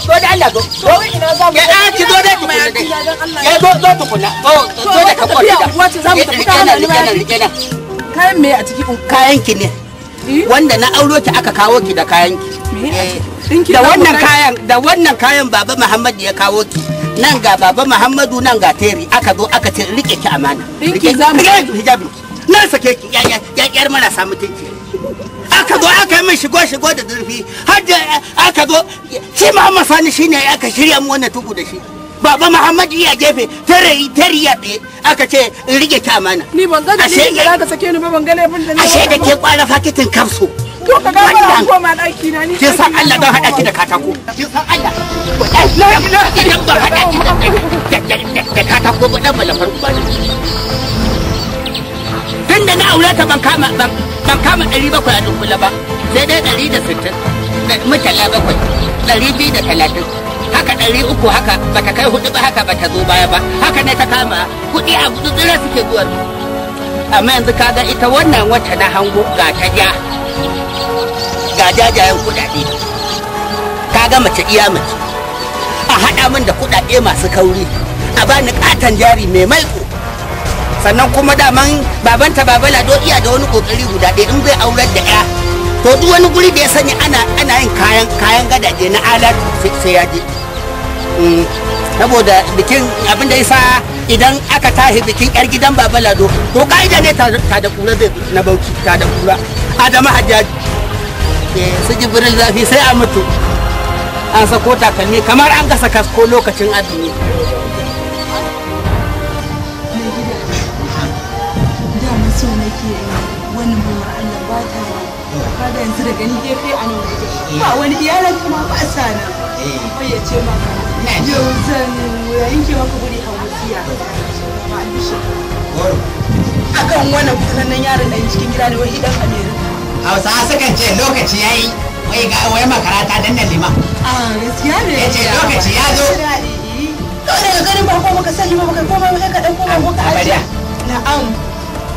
zo da Allah zo zo ina za mu ya ah, ki zo da kuma ya zo zo tukuna to zo da ka kwata da wace za mu tafi kana ni ma kayan me a cikin kayan ki ne eh? wanda na auro ki aka kawo ki da kayan ki eh, da wannan kayan da wannan kayan baba Muhammad ya kawo ki nan ga baba Muhammadu nan ga teri aka zo aka ce rike ki amana rike ki hijabi na sake ki yayar samu mutunci aka zo aka yi min shigo shigo da zurfi har da eh, aka zo shi Muhammad Sani shine aka shirya mu wannan tuku da shi baba Muhammad iya gefe tare tare ya be aka ce in rige ta mana ni ban ga dalilin da zaka sake ni ba ban ga laifin da ni ashe da ke kwara fakitin kamso to ka ga ba koma daki na ni ke san Allah dan hada ki da katako ke san Allah wallahi la ilaha hada ki da katako ba dan malafar ba tun da na aure ta ban kama ban kama ɗari bakwai a dunkula ba sai dai ɗari da sittin mutala bakwai ɗari biyu da talatin haka ɗari uku haka bata kai hudu ba haka bata zo baya ba haka ne ta kama kuɗi a tsira suke zuwa amma yanzu kaga ita wannan wata na hango ga ta ja ga jajayen kuɗaɗe kaga mace iya mace a haɗa min da kuɗaɗe masu kauri a bani ƙaton jari mai maiko sannan kuma daman babanta babala do iya da wani kokari guda ɗaya in bai aurar da ya to duk wani guri da ya sani ana ana yin kayan kayan gadaje na alat sai ya je mm. saboda bikin abin da yasa idan aka tahi bikin yar gidan babala do to ka'ida ne ta da kura zai na bauki ta da kura adamu hajjaji eh, su jibril zafi sai a mutu an sako takalmi kamar an gasa kasko lokacin azumi da yanzu daga ni gefe a nan wajen ba wani iyalan kuma ba sa nan eh. ya ce maka yau zan maka guri a ma albishin akan yaron da cikin gida ne hausa sukan ce lokaci wai ga wai makarata a gaskiya ne ya ce lokaci ya zo daga ba ko ba na'am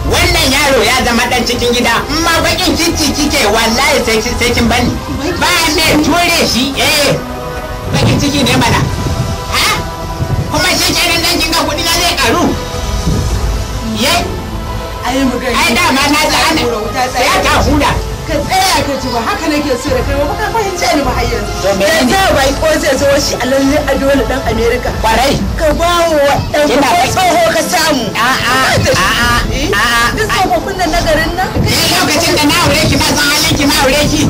wannan yaro ya zama dan cikin gida in ma bakin kici kike wallahi sai sai kin bani ba ne tore shi eh bakin ciki ne mana ha kuma shi nan dan kin kudi na zai karu ye ai da ma na ta ana ya ta huda ka tsaya ka ji ba haka nake so da kai ba ka fahimce ni ba har yanzu dan ta bai ko zai zo shi a lalle a dole dan America kwarai ka ba wa dan ko tsoho ka samu a a a a a duk tsofaffin nan na garin nan kai lokacin da na aure ki na san halin ki na aure ki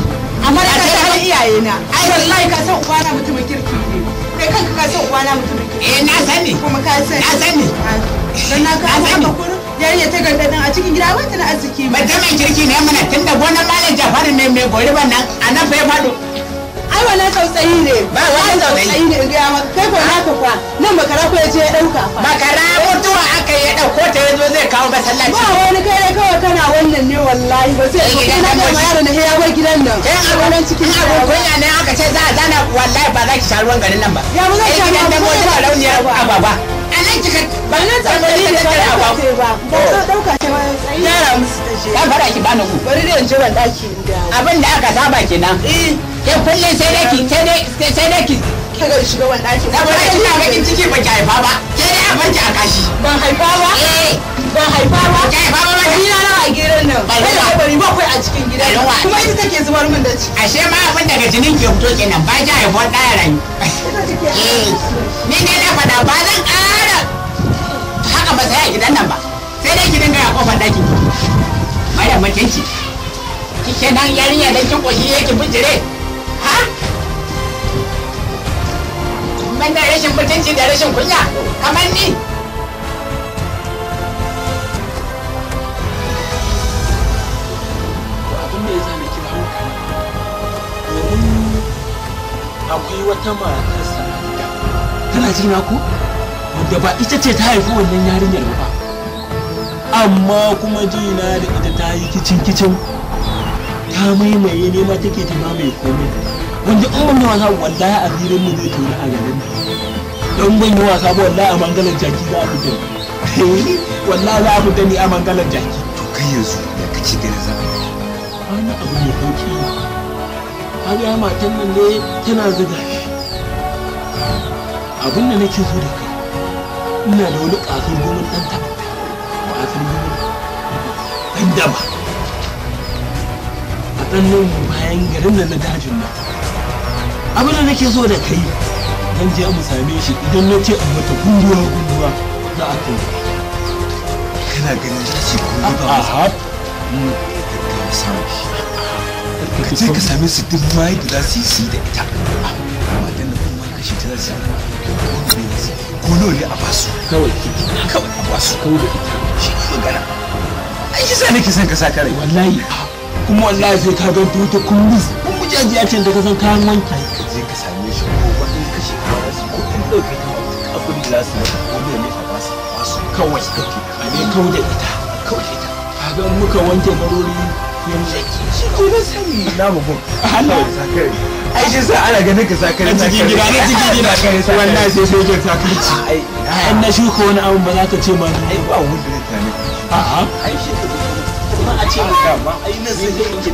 amma da ka san iyaye na ai wallahi ka san uba na mutumin kirki ne kai kanka ka san uba na mutumin kirki eh na sani kuma ka sani na sani dan na ka san ka yarinya ta garda a cikin gida wata na arziki ba ta mai kirki ne mana tunda gona malam jafari ne mai gori ba nan a nan fa faɗo ai wannan tsautsayi ne ba wannan tsautsayi ne in gaya kai ko haka kwa nan makara ko ya ya dauka. fa makara mutuwa aka ya ɗauko ta yazo zai kawo masallaci ba wani kai ne kawai kana wannan ne wallahi ba sai ko kai na ga ma yaro na ya bar gidan nan kai a wannan cikin abun kunya ne aka ce za a zana wallahi ba za ki sha ruwan garin nan ba ya ba za ki sha ruwan garin nan ba nan kika ba nan tsammanin da ba ba dauka ba yara musu da shi dan fara ki bani ku bari da yanzu ban daki abin da aka saba kenan eh ke kullun sai dai ki sai dai sai dai ki kaga shiga daki da ba ki na bakin ciki ba ki haifa ba ke a banki a kashi ban haifa ba eh. ban haifa ba ban haifa ba ban haifa ba a gidan nan kada ka bari ba kai a cikin gidan kuma ita take zubar min da ci ashe ma abin daga jinin ke fito kenan ba ki haifa wani ɗaya rayu eh. ni ne na faɗa ba zan ƙara haka ba sai a gidan nan ba sai dai ki dinga ya kofar ɗakin ki mutunci kike nan yarinya da kin koshi yake eh, bijire ha wannan rashin mutunci da rashin kunya kamar ni akwai wata matar sanadda tana jina ko wanda ba ita ce ta haifi wannan yarinyar ba amma kuma jina da ita ta yi kicin kicin ta maimaye ne ma take ta mamaye komai kun ji in ban yi wasa wallahi a zirin mu zai tura a garin don ban yi wasa ba wallahi a mangalar jaki za a fita ni wallahi za a fita ni a mangalar jaki to kai yanzu ya kace gani za a yi wani abu mai sauki har ya matan nan ne tana zuga abin da nake so da kai ina da wani kasar gumin ɗan ta kasar gumin ɗan dama a ɗan nan bayan garin nan na dajin nan abin da nake so da kai dan je mu same shi idan na ce a mata gunduwa gunduwa za a kai kana ganin ta shi gunduwa ba a hmm. ka sai ka same su duk mai da zasu yi da ita amma dan da kuma na shi ta zasu yi ko no ne a basu kawai kawai a basu kawai da ita shi magana ai ki sa ki san ka sa kare wallahi kuma wallahi sai ka ga ta kullum kun a cikin da ka san kayan wanka zai ka same shi ko ba in kashe ba za su ko in ɗauke ta duk abin da za su mata ko mai mata ba su ba su kawai su ɗauke a ne kawai da ita kawai da ita ka ga muka wanke barori yanzu shi ko na sani na mu gun Allah ya saka ni ai shi sa ana ganin ka saka ni na cikin gida na cikin gida ka wallahi sai sai ke ni ai an na shuka wani abu ba za ka ce ma ai ba wanda ya tani a'a ai shi ka kuma a ce maka ba ai na sai ke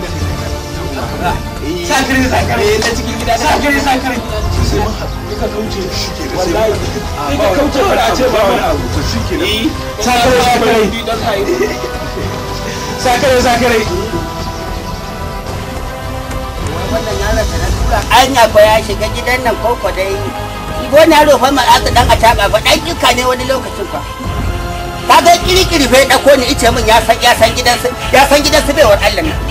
na sakare sakare ta cikin gida sakare sakare sai ma duka kauce shi ke da sai ka kauce fara ce ba wani abu to shi ke sakare sakare sakare ya shiga gidan nan ko dai wani yaro fa ma aka dan ataba fa dan kika ne wani lokacin fa kaga kirkiri fa ya dako ni ice min ya san ya san gidan ya san gidan su baiwar Allah ne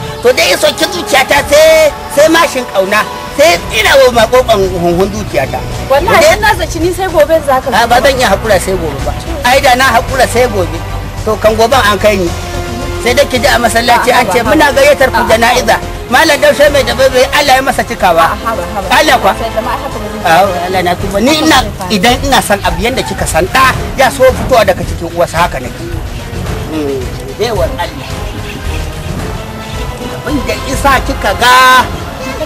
to dai iso ki zuciyata sai sai mashin kauna sai tsira wa makokon hunhun zuciyata wallahi na zaci ni sai gobe za ka ba zan iya hakura sai gobe ba ai da na hakura sai gobe to kan gobe an kai ni sai da ki a masallaci an ce muna gayyatar ku jana'iza malam daushe mai da bai Allah ya masa cikawa Allah kwa Allah na tuba ni ina idan ina san abu yanda kika san da ya so fitowa daga cikin uwarsa haka nake yawan hmm, Allah abin da isa kika ga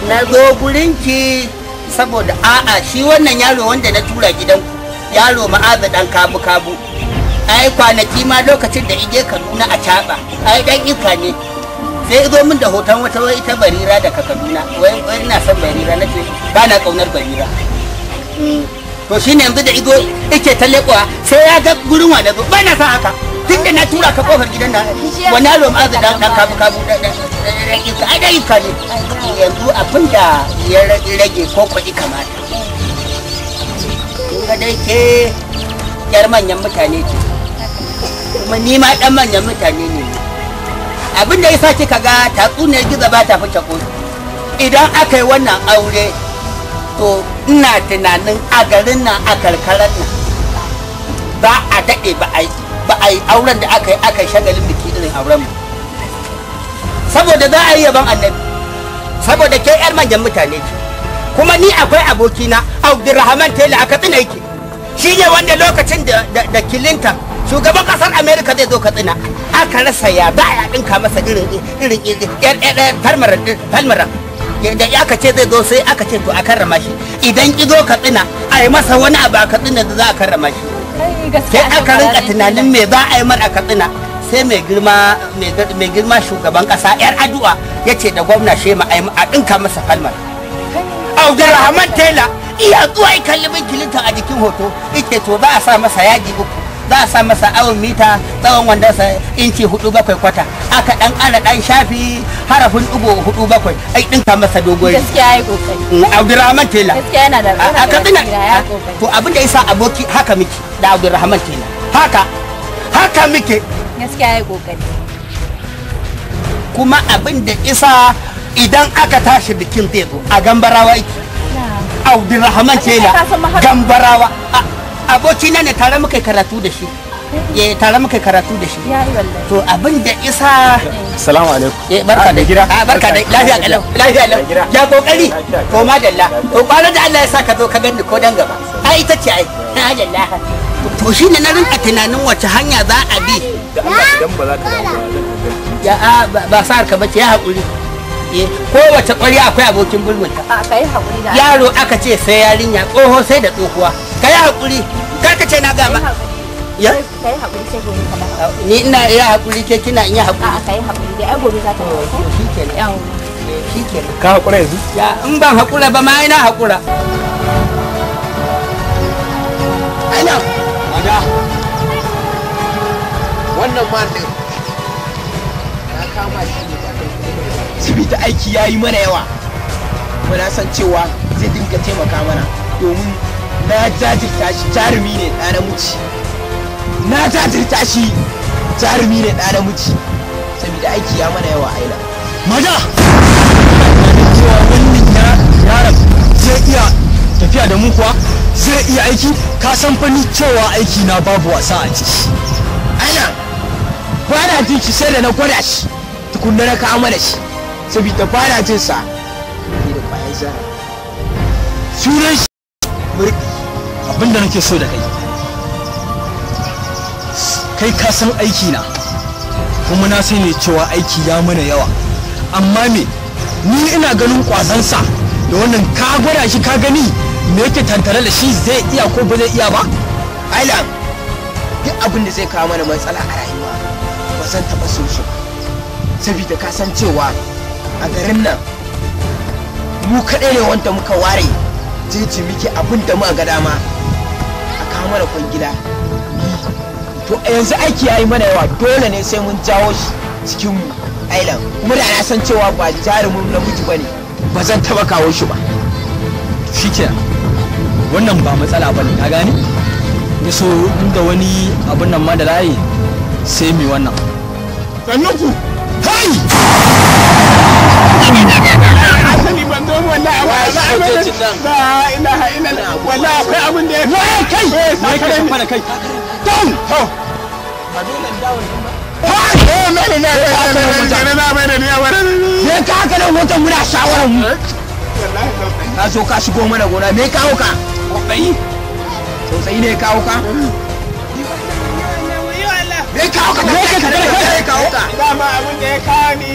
na zo gurinki saboda a'a shi wannan yaro wanda na tura gidanku yaro ma'aza dan kabu kabu ai kwanaki ma lokacin da ije kaduna a caba ai dan ika ne sai zo min da hoton wata wai ita barira daga kaduna wai ina son barira na ce ba na kaunar barira mm. to shine yanzu da ido ike ta lekwa sai ya ga gurin wa da ba na san haka tun da na tura ka kofar gidan da wani alo ma ga dan kabu-kabu da da ai da ika ne yanzu abin da ya rage ko kuɗi kamata kun ga dai ke yar manyan mutane ce kuma ni ma dan manyan mutane ne abin da ya sa kika ga tatsuniyar gizo ba ta fice ko idan aka yi wannan aure to ina tunanin a garin nan a karkarar nan ba a daɗe ba aiki ba a yi auren da aka yi aka yi shagalin biki irin auren mu saboda za a yi yaban annabi saboda ke yar manyan mutane ce kuma ni akwai abokina abdurrahman taylor a katsina yake shi ne wanda lokacin da kilinta shugaban kasar america zai zo katsina aka rasa ya ba a ɗinka masa irin irin irin ɗaya. da aka ce zai zo sai aka ce to a karrama shi idan ki zo katsina a yi masa wani abu a katsina da za a karrama shi sai aka rinka tunanin me za a yi mar a katsina sai mai girma mai girma shugaban kasa yar addu'a ya ce da gwamna shema a ɗinka masa kalmar abdulrahman taylor iya zuwa kalli bin kilinta a jikin hoto ike to za a sa masa yaji uku za a sa masa awon mita tsawon wandonsa inci hudu bakwai kwata aka dan ana dan shafi harafin dubo hudu bakwai ai ka masa dogon gaskiya yayi kokari mm, abdurrahman Tela gaskiya yana da aka dina to abin da yasa aboki haka miki da abdurrahman Tela haka haka miki gaskiya yayi kokari kuma abin da isa idan aka tashi bikin zai zo a gambarawa yake abdurrahman Tela gambarawa aboki na ne tare muka eh, karatu da shi ya tare muka karatu da shi to abin da isa assalamu alaikum eh barka ah, da gida a ah, barka da lafiya kalau lafiya lau ya kokari to madalla to kwana da Allah ya sa ka zo ka ganni ko dan gaba ai ah, ita ce ai madalla to shi ne na rinka tunanin wace hanya za a bi ya a ba sa ka bace ya eh, Ko wace ƙwari akwai abokin bulmunta yaro aka ce sai yarinya tsoho sai da tsohuwa ka yi haƙuri kar ka ce na gama. ya Kayi yi haƙuri sai gobe ka dawo ni ina iya haƙuri ke kina yi haƙuri a ka yi haƙuri da ai gobe za ta yi. Oh, shi kenan shi ke ka haƙura yanzu ya in ban haƙura ba ma ina haƙura ana wanda wannan man din ya kama shi ne ba ta aiki ya yi mana yawa muna san cewa zai dinga taimaka mana domin na jajirta shi jarumi ne ɗa namiji na jajirta shi jarumi ne ɗa namiji saboda aiki ya mana yawa aila maja cewa wannan yaron zai iya tafiya da mu kuwa zai iya aiki ka san fani cewa aiki na babu wasa a ciki Aina! ba na jin shi sai da na gwada shi tukunna na kama da shi saboda ba na jin sa ne da sunan shi abin nake so da kai kai ka san aiki na kuma na sai cewa aiki ya mana yawa amma me ni ina ganin sa da wannan ka gwada shi ka gani me yake tantare da shi zai iya ko ba zai iya ba ailan duk abin da zai kawo mana matsala a rayuwa ba zan taɓa so shi saboda ka san cewa a garin nan mu kaɗai ne wanda muka ware Jirgin miki abin da muka ga dama a kawo mana kwangila to yanzu aiki yayi mana yawa dole ne sai mun jawo shi cikin mu ailan kuma da na san cewa ba jarumin namiji ba ne ba zan taba kawo shi ba shikenan wannan ba matsala ba ne ka gane ya so inda wani abin nan ma da layi sai mai wannan sannan ku hai asali a ya wai kai kai kai ya kawo ni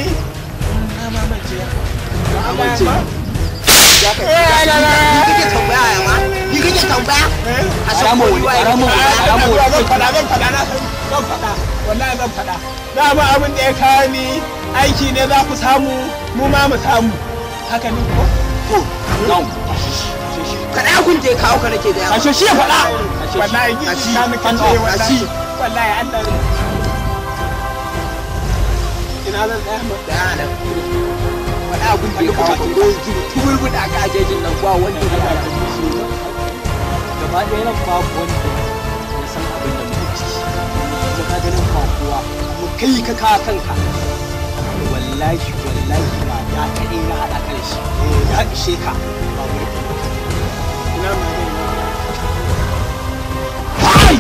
amince kike eh. ya ma ni eh. a ko dama abin da ya kawo ni aiki ne za ku samu mu ma mu samu haka ne ko kaɗa kun je kawo ka nake da yawa. Ashe shi ya faɗa. Wallahi ki ka nake ce wallahi. Wallahi Allah. Ina zan tsaya mu. Da faɗa abin da ya kawo ka ko da aka ajejin nan ba wanda ya da kan shi gaba ɗaya nan ba wanda ya san abin da muke ci yanzu ka ganin ba kowa mu kai ka ka kanka wallahi wallahi ba ya kaɗe na haɗa kan shi ya ishe ka ba mu yi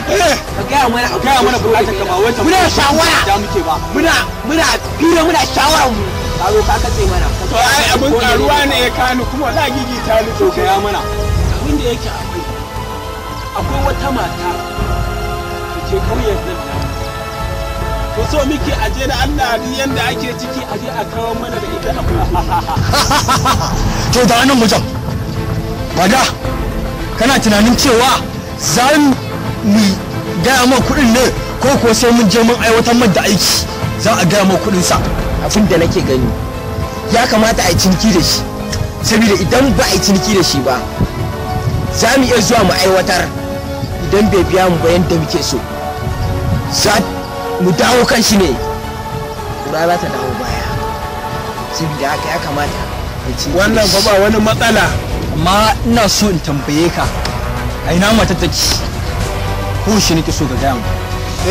eh! ka gaya mana ka gaya mana bukatar ka ba wata muna shawara da muke ba muna muna fira muna shawara mu ka zo ka kace mana to ai abin karuwa ne ya kani kuma za gigi ta ni to ga mana abin da yake akwai akwai wata mata da ke kauyen nan to so a aje da Allah ni yanda ake ciki aje a kawo mana da ita abu to da nan mutum baga kana tunanin cewa za mu gaya ma kuɗin ne ko ko sai mun je mun aiwatar da aiki za a gaya ma kuɗin sa abin da nake gani ya kamata a yi ciniki da shi saboda idan ba a yi ciniki da shi ba za mu iya zuwa mu aiwatar idan bai biya mu bayan da muke so za mu dawo kan shi ne kura za ta dawo baya saboda haka ya kamata a ciniki wannan ba ba wani matsala amma ina so in tambaye ka a ina mata take ko shi nake so ga gaya mu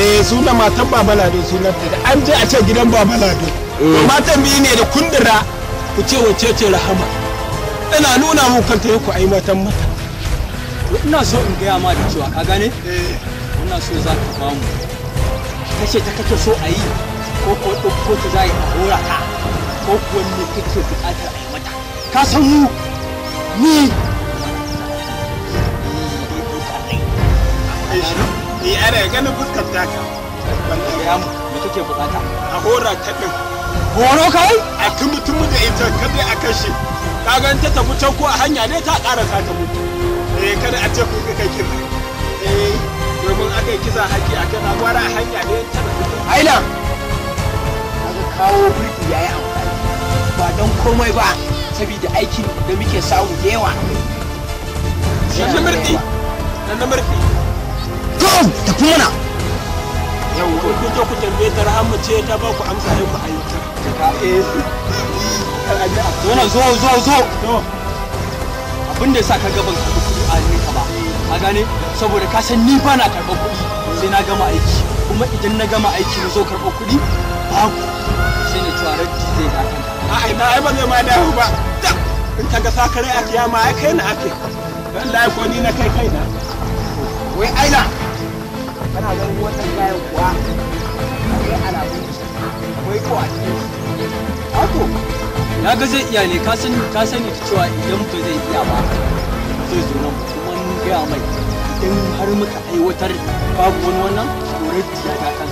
eh sunan matan babalado sunan da an je a ce gidan babalado matan biyu ne da kundura ku ce wace ce rahama ina nuna mu kanta yi ku aimatan mata ina so in gaya ma da cewa ka gane ina eh. so za ka ba mu kace ta kake so a yi ko ko ɗauko ta za a yi hora ta ko kuwa ne kake buƙatar a mata ka san mu ni eh. Eh, ni ana ganin fuskar taka wannan ya mu me kake buƙata a hora ta ɗin horo kai a tumutumu da ita kada a ka gan ta tafi can ko a hanya ne ta sa ta mutu eh kada a ce kun kai kiza eh domin aka kiza haƙi a kan gwara a hanya ne ta aila kaga kawo birki yayi amfani ba don komai ba saboda aikin da muke samu da yawa nan na murfi nan na murfi go tafi mana yau ku je ku tambaye ta rahama ce ta ba ku amsa yau ku ayyuka wannan zo zo zo abin da sa ka gaban ka kuɗi a ka ba a gane saboda ka san ni ba na karɓar kuɗi sai na gama aiki kuma idan na gama aiki na zo karɓar kuɗi babu sai na cewa rabbi zai ba kan a'a na ai ba zai ma dawo ba in ta ga sakare a kiyama ai kai na ake wallahi ko ni na kai kai na wai aina. kana ganin wannan kayan kuwa akwai alamun akwai kuwa wato ya ga zai iya ne ka sani ka cewa idan ba zai iya ba zai zo nan kuma mun gaya mai idan har muka aiwatar babu wani wannan korar ta kan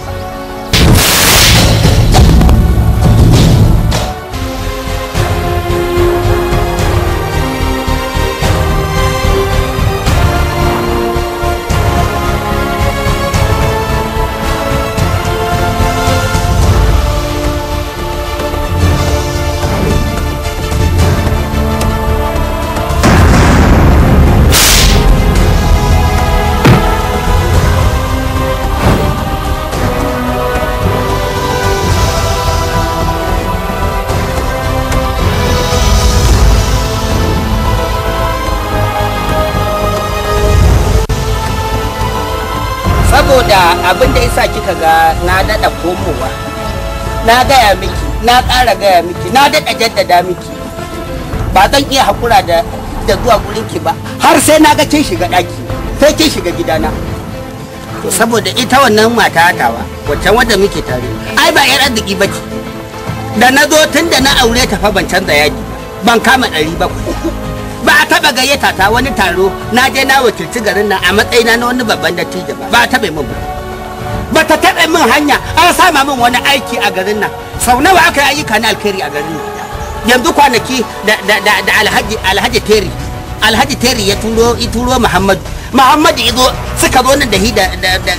abin da yasa kika ga na dada komowa na gaya miki na ƙara gaya miki na dada jaddada miki ba zan iya haƙura da da zuwa gurin ki ba har sai na ga kin shiga ɗaki sai kin shiga gidana to saboda ita wannan mata tawa wancan wanda muke tare ai ba yar arziki ba ce da na zo tun da na aure ta fa ban canza yaji ban kama ɗari ba ba a taɓa gayyata ta wani taro na je na wakilci garin nan a matsayina na wani babban dattijo ba ba taɓa yi ba bata taɓa min hanya an sama min wani aiki a garin nan sau nawa aka yi ayyuka na alkhairi a garin nan yanzu kwanaki da alhaji alhaji teri alhaji teri ya turo ya turo muhammadu muhammadu izo suka zo nan da hi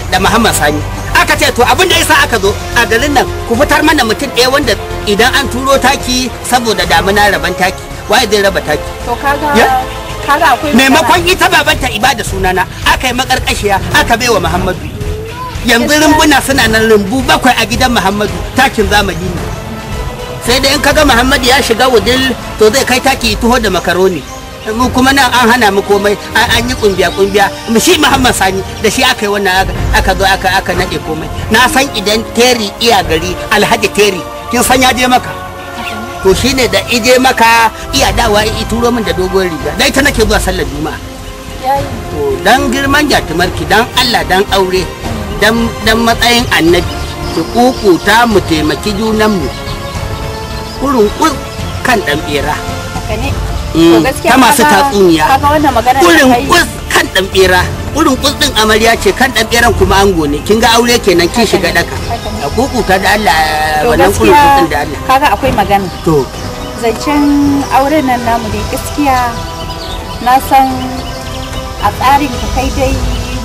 da muhammad sani aka ce to abin da yasa aka zo a garin nan ku fitar mana mutum ɗaya wanda idan an turo taki saboda damuna raban taki waye zai raba taki to kaga kaga akwai maimakon ita babanta ibada sunana aka yi maƙarƙashiya aka baiwa muhammadu yanzu rumbuna suna nan rumbu bakwai a gidan muhammadu takin zamani ne sai dai in kaga muhammadu ya shiga wudil to zai kai taki tuho da makaroni mu kuma nan an hana mu komai an yi kumbiya kumbiya mu shi muhammad sani da shi aka yi wannan aka zo aka aka nade komai na san idan teri iya gari alhaji teri kin san ya je maka to shine da ije maka iya dawa i turo min da dogon riga dai ta nake zuwa sallar juma'a dan girman jatumarki dan Allah dan aure dan matsayin annabi su kukuta mu taimaki junanmu kurun kus kan dan bera mm, ta masu tatsuniya kurin kus kan dan bera kurin kus din amarya ce kan dan beran kuma an gone kin ga aure kenan kin shiga daka a kukuta da Allah wannan kurin kus da Allah kaga akwai magana to zancen auren nan namu dai gaskiya na san a tsarin ka kai dai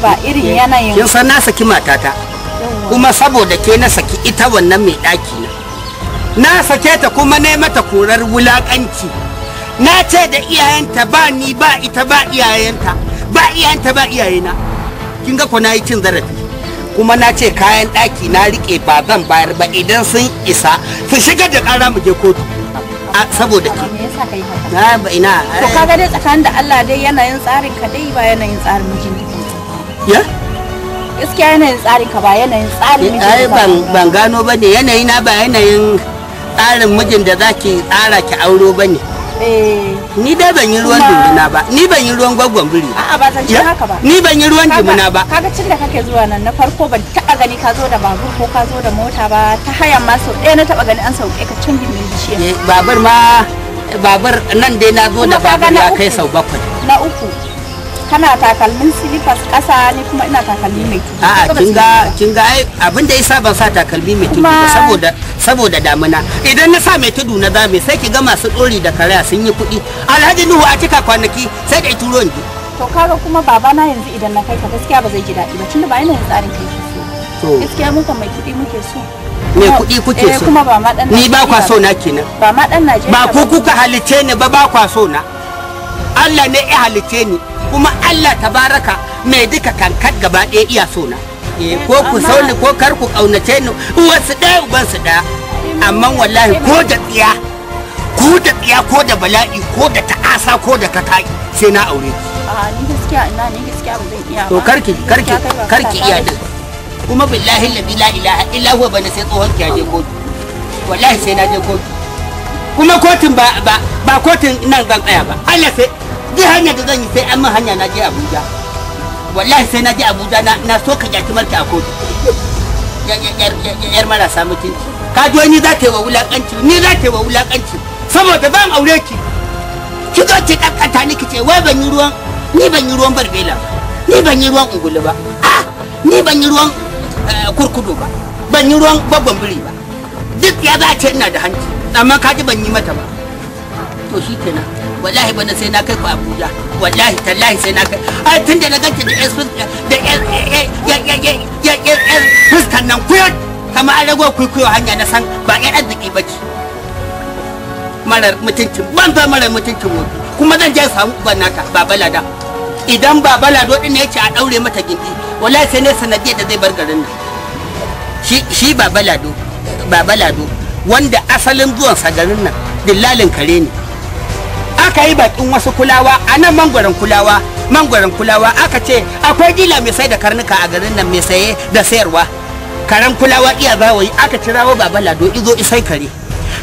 ba irin yanayin kin san na saki matata kuma saboda ke na saki ita wannan mai ɗaki na na sake ta kuma ne mata korar wulakanci na ce da iyayenta ba ni ba ita ba iyayenta ba iyayenta ba iyayena kin ga ko nayi cin zarafi kuma na ce kayan ɗaki na rike ba zan bayar ba idan sun isa su shiga da ƙara mu je kotu saboda ke na ba ina to kaga eh. dai tsakanin da Allah dai yanayin tsarin ka dai ba yanayin tsarin mijini ya gaskiya yanayin tsarin ka ba yanayin tsarin mijin ba ban ban gano bane yanayi na ba yanayin tsarin mijin da zaki tsara ki auro bane eh. ni dai ban yi ruwan dumuna ba ni ban yi ruwan gwaggon biri a'a ba zan haka ba ni ban yi ruwan dimina ba kaga cin da kake zuwa nan na farko ban taɓa gani ka zo da babur ko ka zo da mota ba ta hayan ma sau ɗaya na taɓa gani an sauke ka cin gimin bishiya eh, babur ma babur nan dai na zo da babur ya kai sau bakwai na uku kana takalmin silifas kasa ne kuma ina takalmi mai tudu a'a kin ga kin ga ai abin da yasa ban sa takalmi mai tudu saboda saboda damuna idan na sa mai tudu na zame sai ki ga masu dori da karaya sun yi kuɗi alhaji nuhu a cika kwanaki sai da turo ni to kaga kuma na yanzu idan na kai ka gaskiya ba zai ji daɗi ba tunda ba yana tsarin kai To gaskiya mun kan mai kuɗi muke so mai kuɗi kuke eh, so kuma ba ma dan ni ba kwa so na kenan ba ma dan Najeriya ba ku kuka halice ni ba ba kwa so na Allah ne ya halice ni kuma Allah tabaraka mai duka kankar gaba ɗaya iya sona eh, ko ku sauni ko kar ku kaunace ni wasu ɗaya su ɗaya amma wallahi ko da tsiya ko da tsiya ko da bala'i ko da ta'asa ko da kataki sai na aure ni gaskiya ina ni gaskiya ba zan iya ba to karki karki karki iya din kuma billahi la ilaha illa huwa bana sai tsohon kiyaje kotu wallahi sai na je kotu kuma kotun ba ba kotun nan zan tsaya ba Allah sai duk hanya da zan yi sai an min hanya na je abuja wallahi sai na je abuja na so ka jaki marka a kotu yar marasa mutunci ka jo ni za ta yi wa wulakanci ni za ta yi wa wulakanci saboda ban aure ki ki zo ki kakkata ni ki ce wai ban yi ruwan ni ban yi ruwan barbela ni ban yi ruwan ungulu ba ah, ni ban yi ruwan eh, kurkudu ba ban yi ruwan babban biri ba duk ya ba a ce ina da hanci amma ka ji ban yi mata ba to shi kenan wallahi bana sai na kai ku abuja wallahi tallahi sai na kai ai tun da na ganta da yan fuskan nan kuyar kama an rago kuikuyo hanya na san ba yan arziki ba ce marar mutunci ban ta marar mutunci wani kuma zan je samu uban naka baba lada idan baba lado din ya ce a daure mata gindi wallahi sai ne sanadiyar da zai bar garin nan shi shi baba lado baba lado wanda asalin zuwan sa garin nan dillalin kare ne aka yi bakin wasu kulawa a nan mangwaron kulawa mangwaron kulawa aka ce akwai dila mai sai da karnuka a garin nan mai saye da sayarwa karan kulawa iya yi aka kirawo baba lado izo isai kare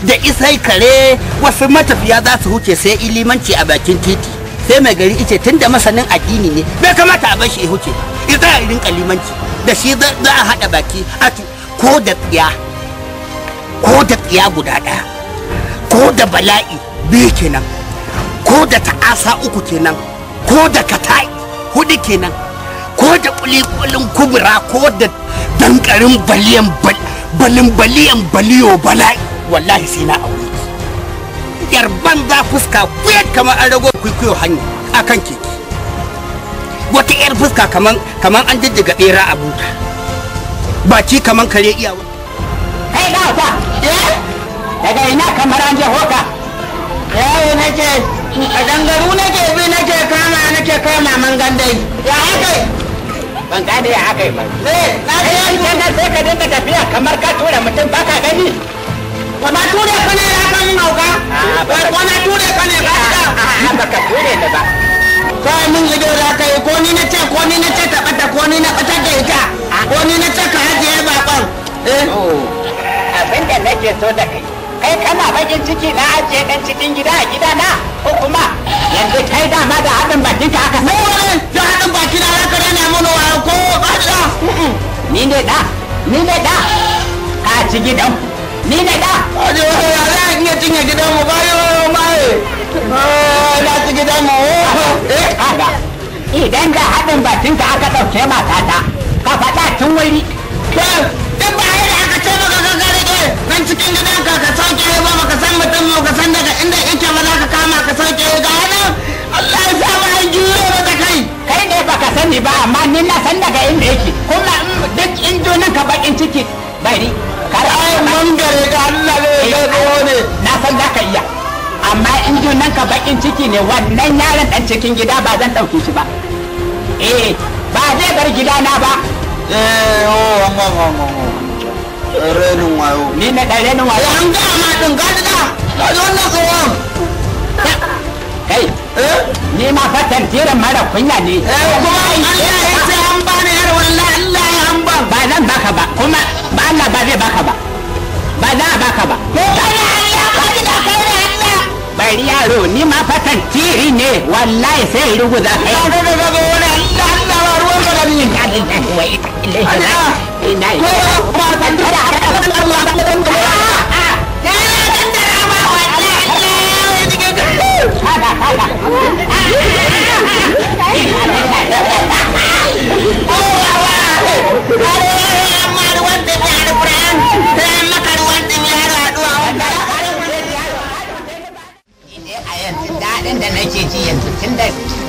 da isai kare wasu matafiya za su huce sai ilimanci a bakin titi sai mai gari ice tun da masanin addini ne bai kamata a bar shi huce Iza ita a rinka limanci da shi za a haɗa baki a ko da tsiya ko da tsiya guda ɗaya ko da bala'i biyu kenan ko da ta'asa uku kenan ko da kata'i hudu kenan ko da kulikulin kubura ko da dankarin baliyan balin baliyan baliyo bala'i wallahi sai na aure yar da fuska kuyar kamar an rago kwaikwayo hanya akan keke wata yar fuska kamar kamar an jijjiga ɗera a buta baki kamar kare iyawa kai da ta eh daga ina kamar an je hoka eh na ce a dangaru nake bi nake kama nake kama man gandai ya haka ban gane ya haka ba eh na ga yana sai ka dinga tafiya kamar ka tura mutum baka gani ba ma tura ka ne ya kan mauka ba ko na tura ka ne ba a ba ka tura ne ba kai mun ido da kai ko ni na ce ko ni na ce ta bata ko ni na bata da ita ko ni na ce ka hajiye baban eh oh, abin da nake so da kai kai kana bakin ciki na ajiye dan cikin gida a gida na ko kuma yanzu kai dama da haɗin bakin ka aka sai wani da haɗin baki na aka rana mana wa ko ƙasa ni ne da ni ne da ka ci gidan ni ne da aje wa ya za a iya cinye gidan mu bayo mai ah, na ci gidan mu eh idan da haɗin bakin ka aka ɗauke matata ka faɗa tun wuri san cikin gida ka ka sauke ba ka san mutum mu ka san daga inda yake ba za ka kama ka sauke ga hana Allah ya sa ma jure ba da kai kai ne baka sani ba amma ni na san daga inda yake kuma duk nan ka bakin ciki bari kar ai mun gare ga Allah ne ya eh, zo ne na san da ka iya amma nan ka bakin ciki ne wannan yaron dan cikin gida ba zan dauke shi ba eh ba zai bar gida na ba eh oh, oh, oh, oh renin wayo ni na da renin wayo an ga ma din ga da ga wannan tsoron kai eh ni ma fatan tira mara kunya ne eh kuma Allah ya ce an ba ne yar wallahi Allah ya an ba ba zan baka ba kuma ba Allah ba zai baka ba ba za a baka ba ko kai Allah ka ji da kai ne Allah bari yaro ni ma fatan tiri ne wallahi sai ruguza kai Allah Allah Allah ruwan ka da ni Allah ina yi kuma ban da Allah ban da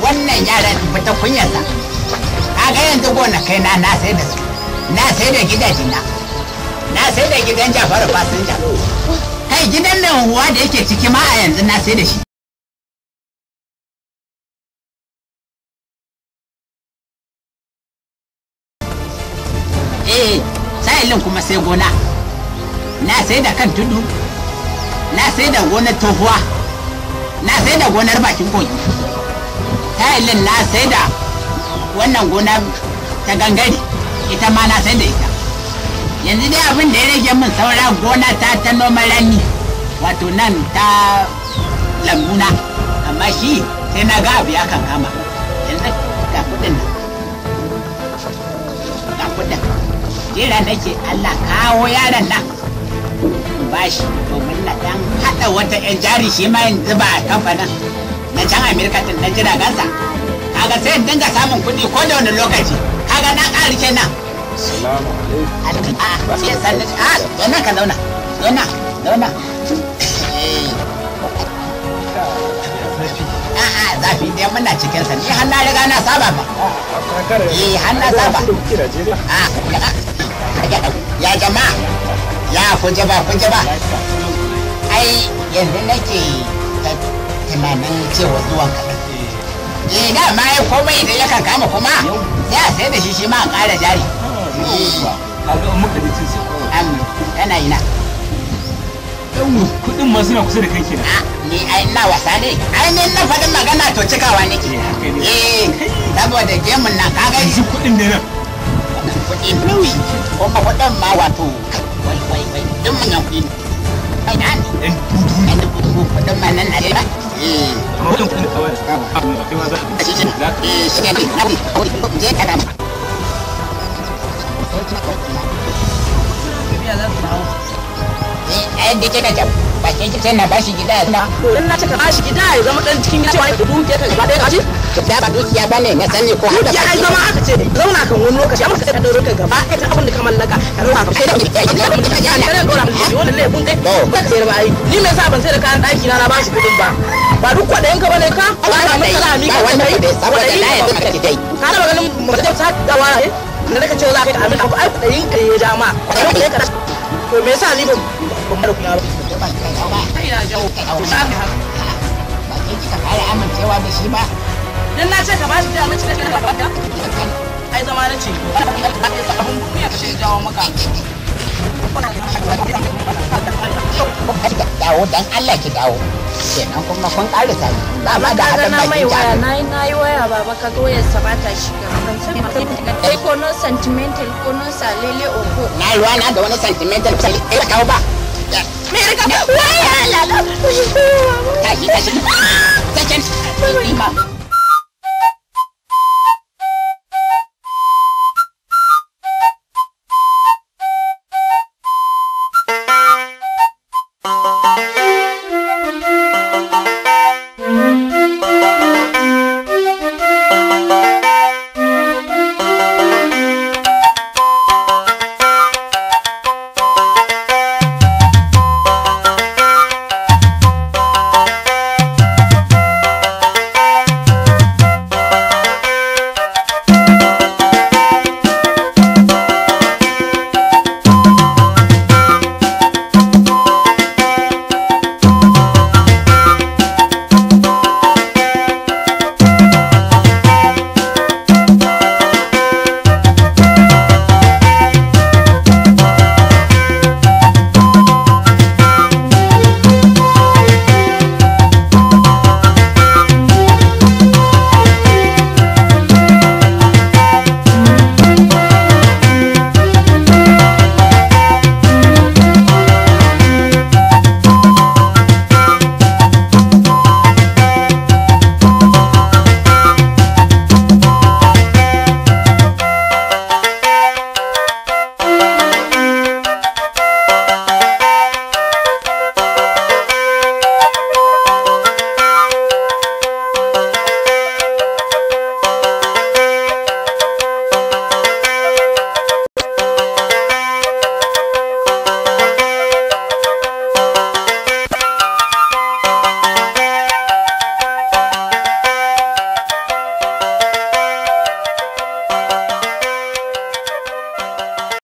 wannan yaran fita kunyarsa kaga yanzu gonakai na na sai da su na sai da gidajen na na sai da gidan jafaru fasinja kai gidan nan huwa da yake ciki ma a yanzu na sai da shi eh sa'ilin kuma sai gona na sai da kan tudu na sai da gonar tohuwa na sai da gonar bakin kogi sa'ilin na sai da wannan gona ta gangare ita ma na sai da ita yanzu dai abin da ya rage min saura gona ta ta noman rani wato nan ta lambuna amma shi sai na ga abu ya kan kama yanzu ga kudin nan ga kudin jira nake Allah kawo yaron nan ba shi domin na dan hada wata yan jari shi ma yin zuba a kamfanin na can amerika tun na jira kaga sai dinga samun kudi ko da wani lokaci kaga na ƙarike nan Assalamu alaikum. Ba ke sanin ah yana ka zauna. Zauna, zauna. A'a zafi dai muna cikin sa ni har na riga na saba ba. Eh har na saba. Ah ya ah. jama'a ya kuje ba kuje ba. Ai yanzu nake tunanin cewa zuwan kaɗan. Eh da ma ya komai da ya kama kuma Ya a sai da shi shi ma a ƙara jari. kaga in muka kudin ma suna kusa da kai kenan ni ai na wasa ne ai ne na faɗin magana to cikawa nake eh saboda gemun na kaga shi kudin ne nan kudi kuma kudin ma wato wai wai wai duk mun yan kudi ai na ɗan dudu ne da kudin kudin ma nan ne ba eh kudin kawai ka ba kai ma za ka eh shi ne na kudi je ka da ɗayan da kika da bakin ki tana ba shi gida na in na cika ba shi gida ya zama dan cikin cewa ya dubu ke kashi ba ɗaya kashi ta ba a ba ne na sani ko haka ya zama haka ce zauna kan wani lokaci amma sai ka kai gaba ɗaya abin da ka mallaka ka zauna ka sai da ki ya ya ya ya ya ɗora mun wannan laifin dai ba ka sayar ba ai ni me yasa ban sai da kayan ɗaki na na ba shi kuɗin ba ba duk kwaɗayin ka bane ka ba ka mutala ka wani kwaɗayi saboda na yanzu ka dai ka raba ganin mutum na daga cewa za ka yi amin abu ai ka ya dama me yasa ni ba ban mara ba kai na jawo kai aure ba kai kika amincewa da shi ba dan na ce ka ba shi da da ba ai zama na ce abun shi jawo maka dawo dan Allah ki dawo kenan kuma kun ƙarisa ne ba ma da na yi waya baba ka goyar sa ba shiga Eh ko non sentimental ko non salele ko. Na ruwa na da wani sentimental sai eh kawo ba. Me ba. Wai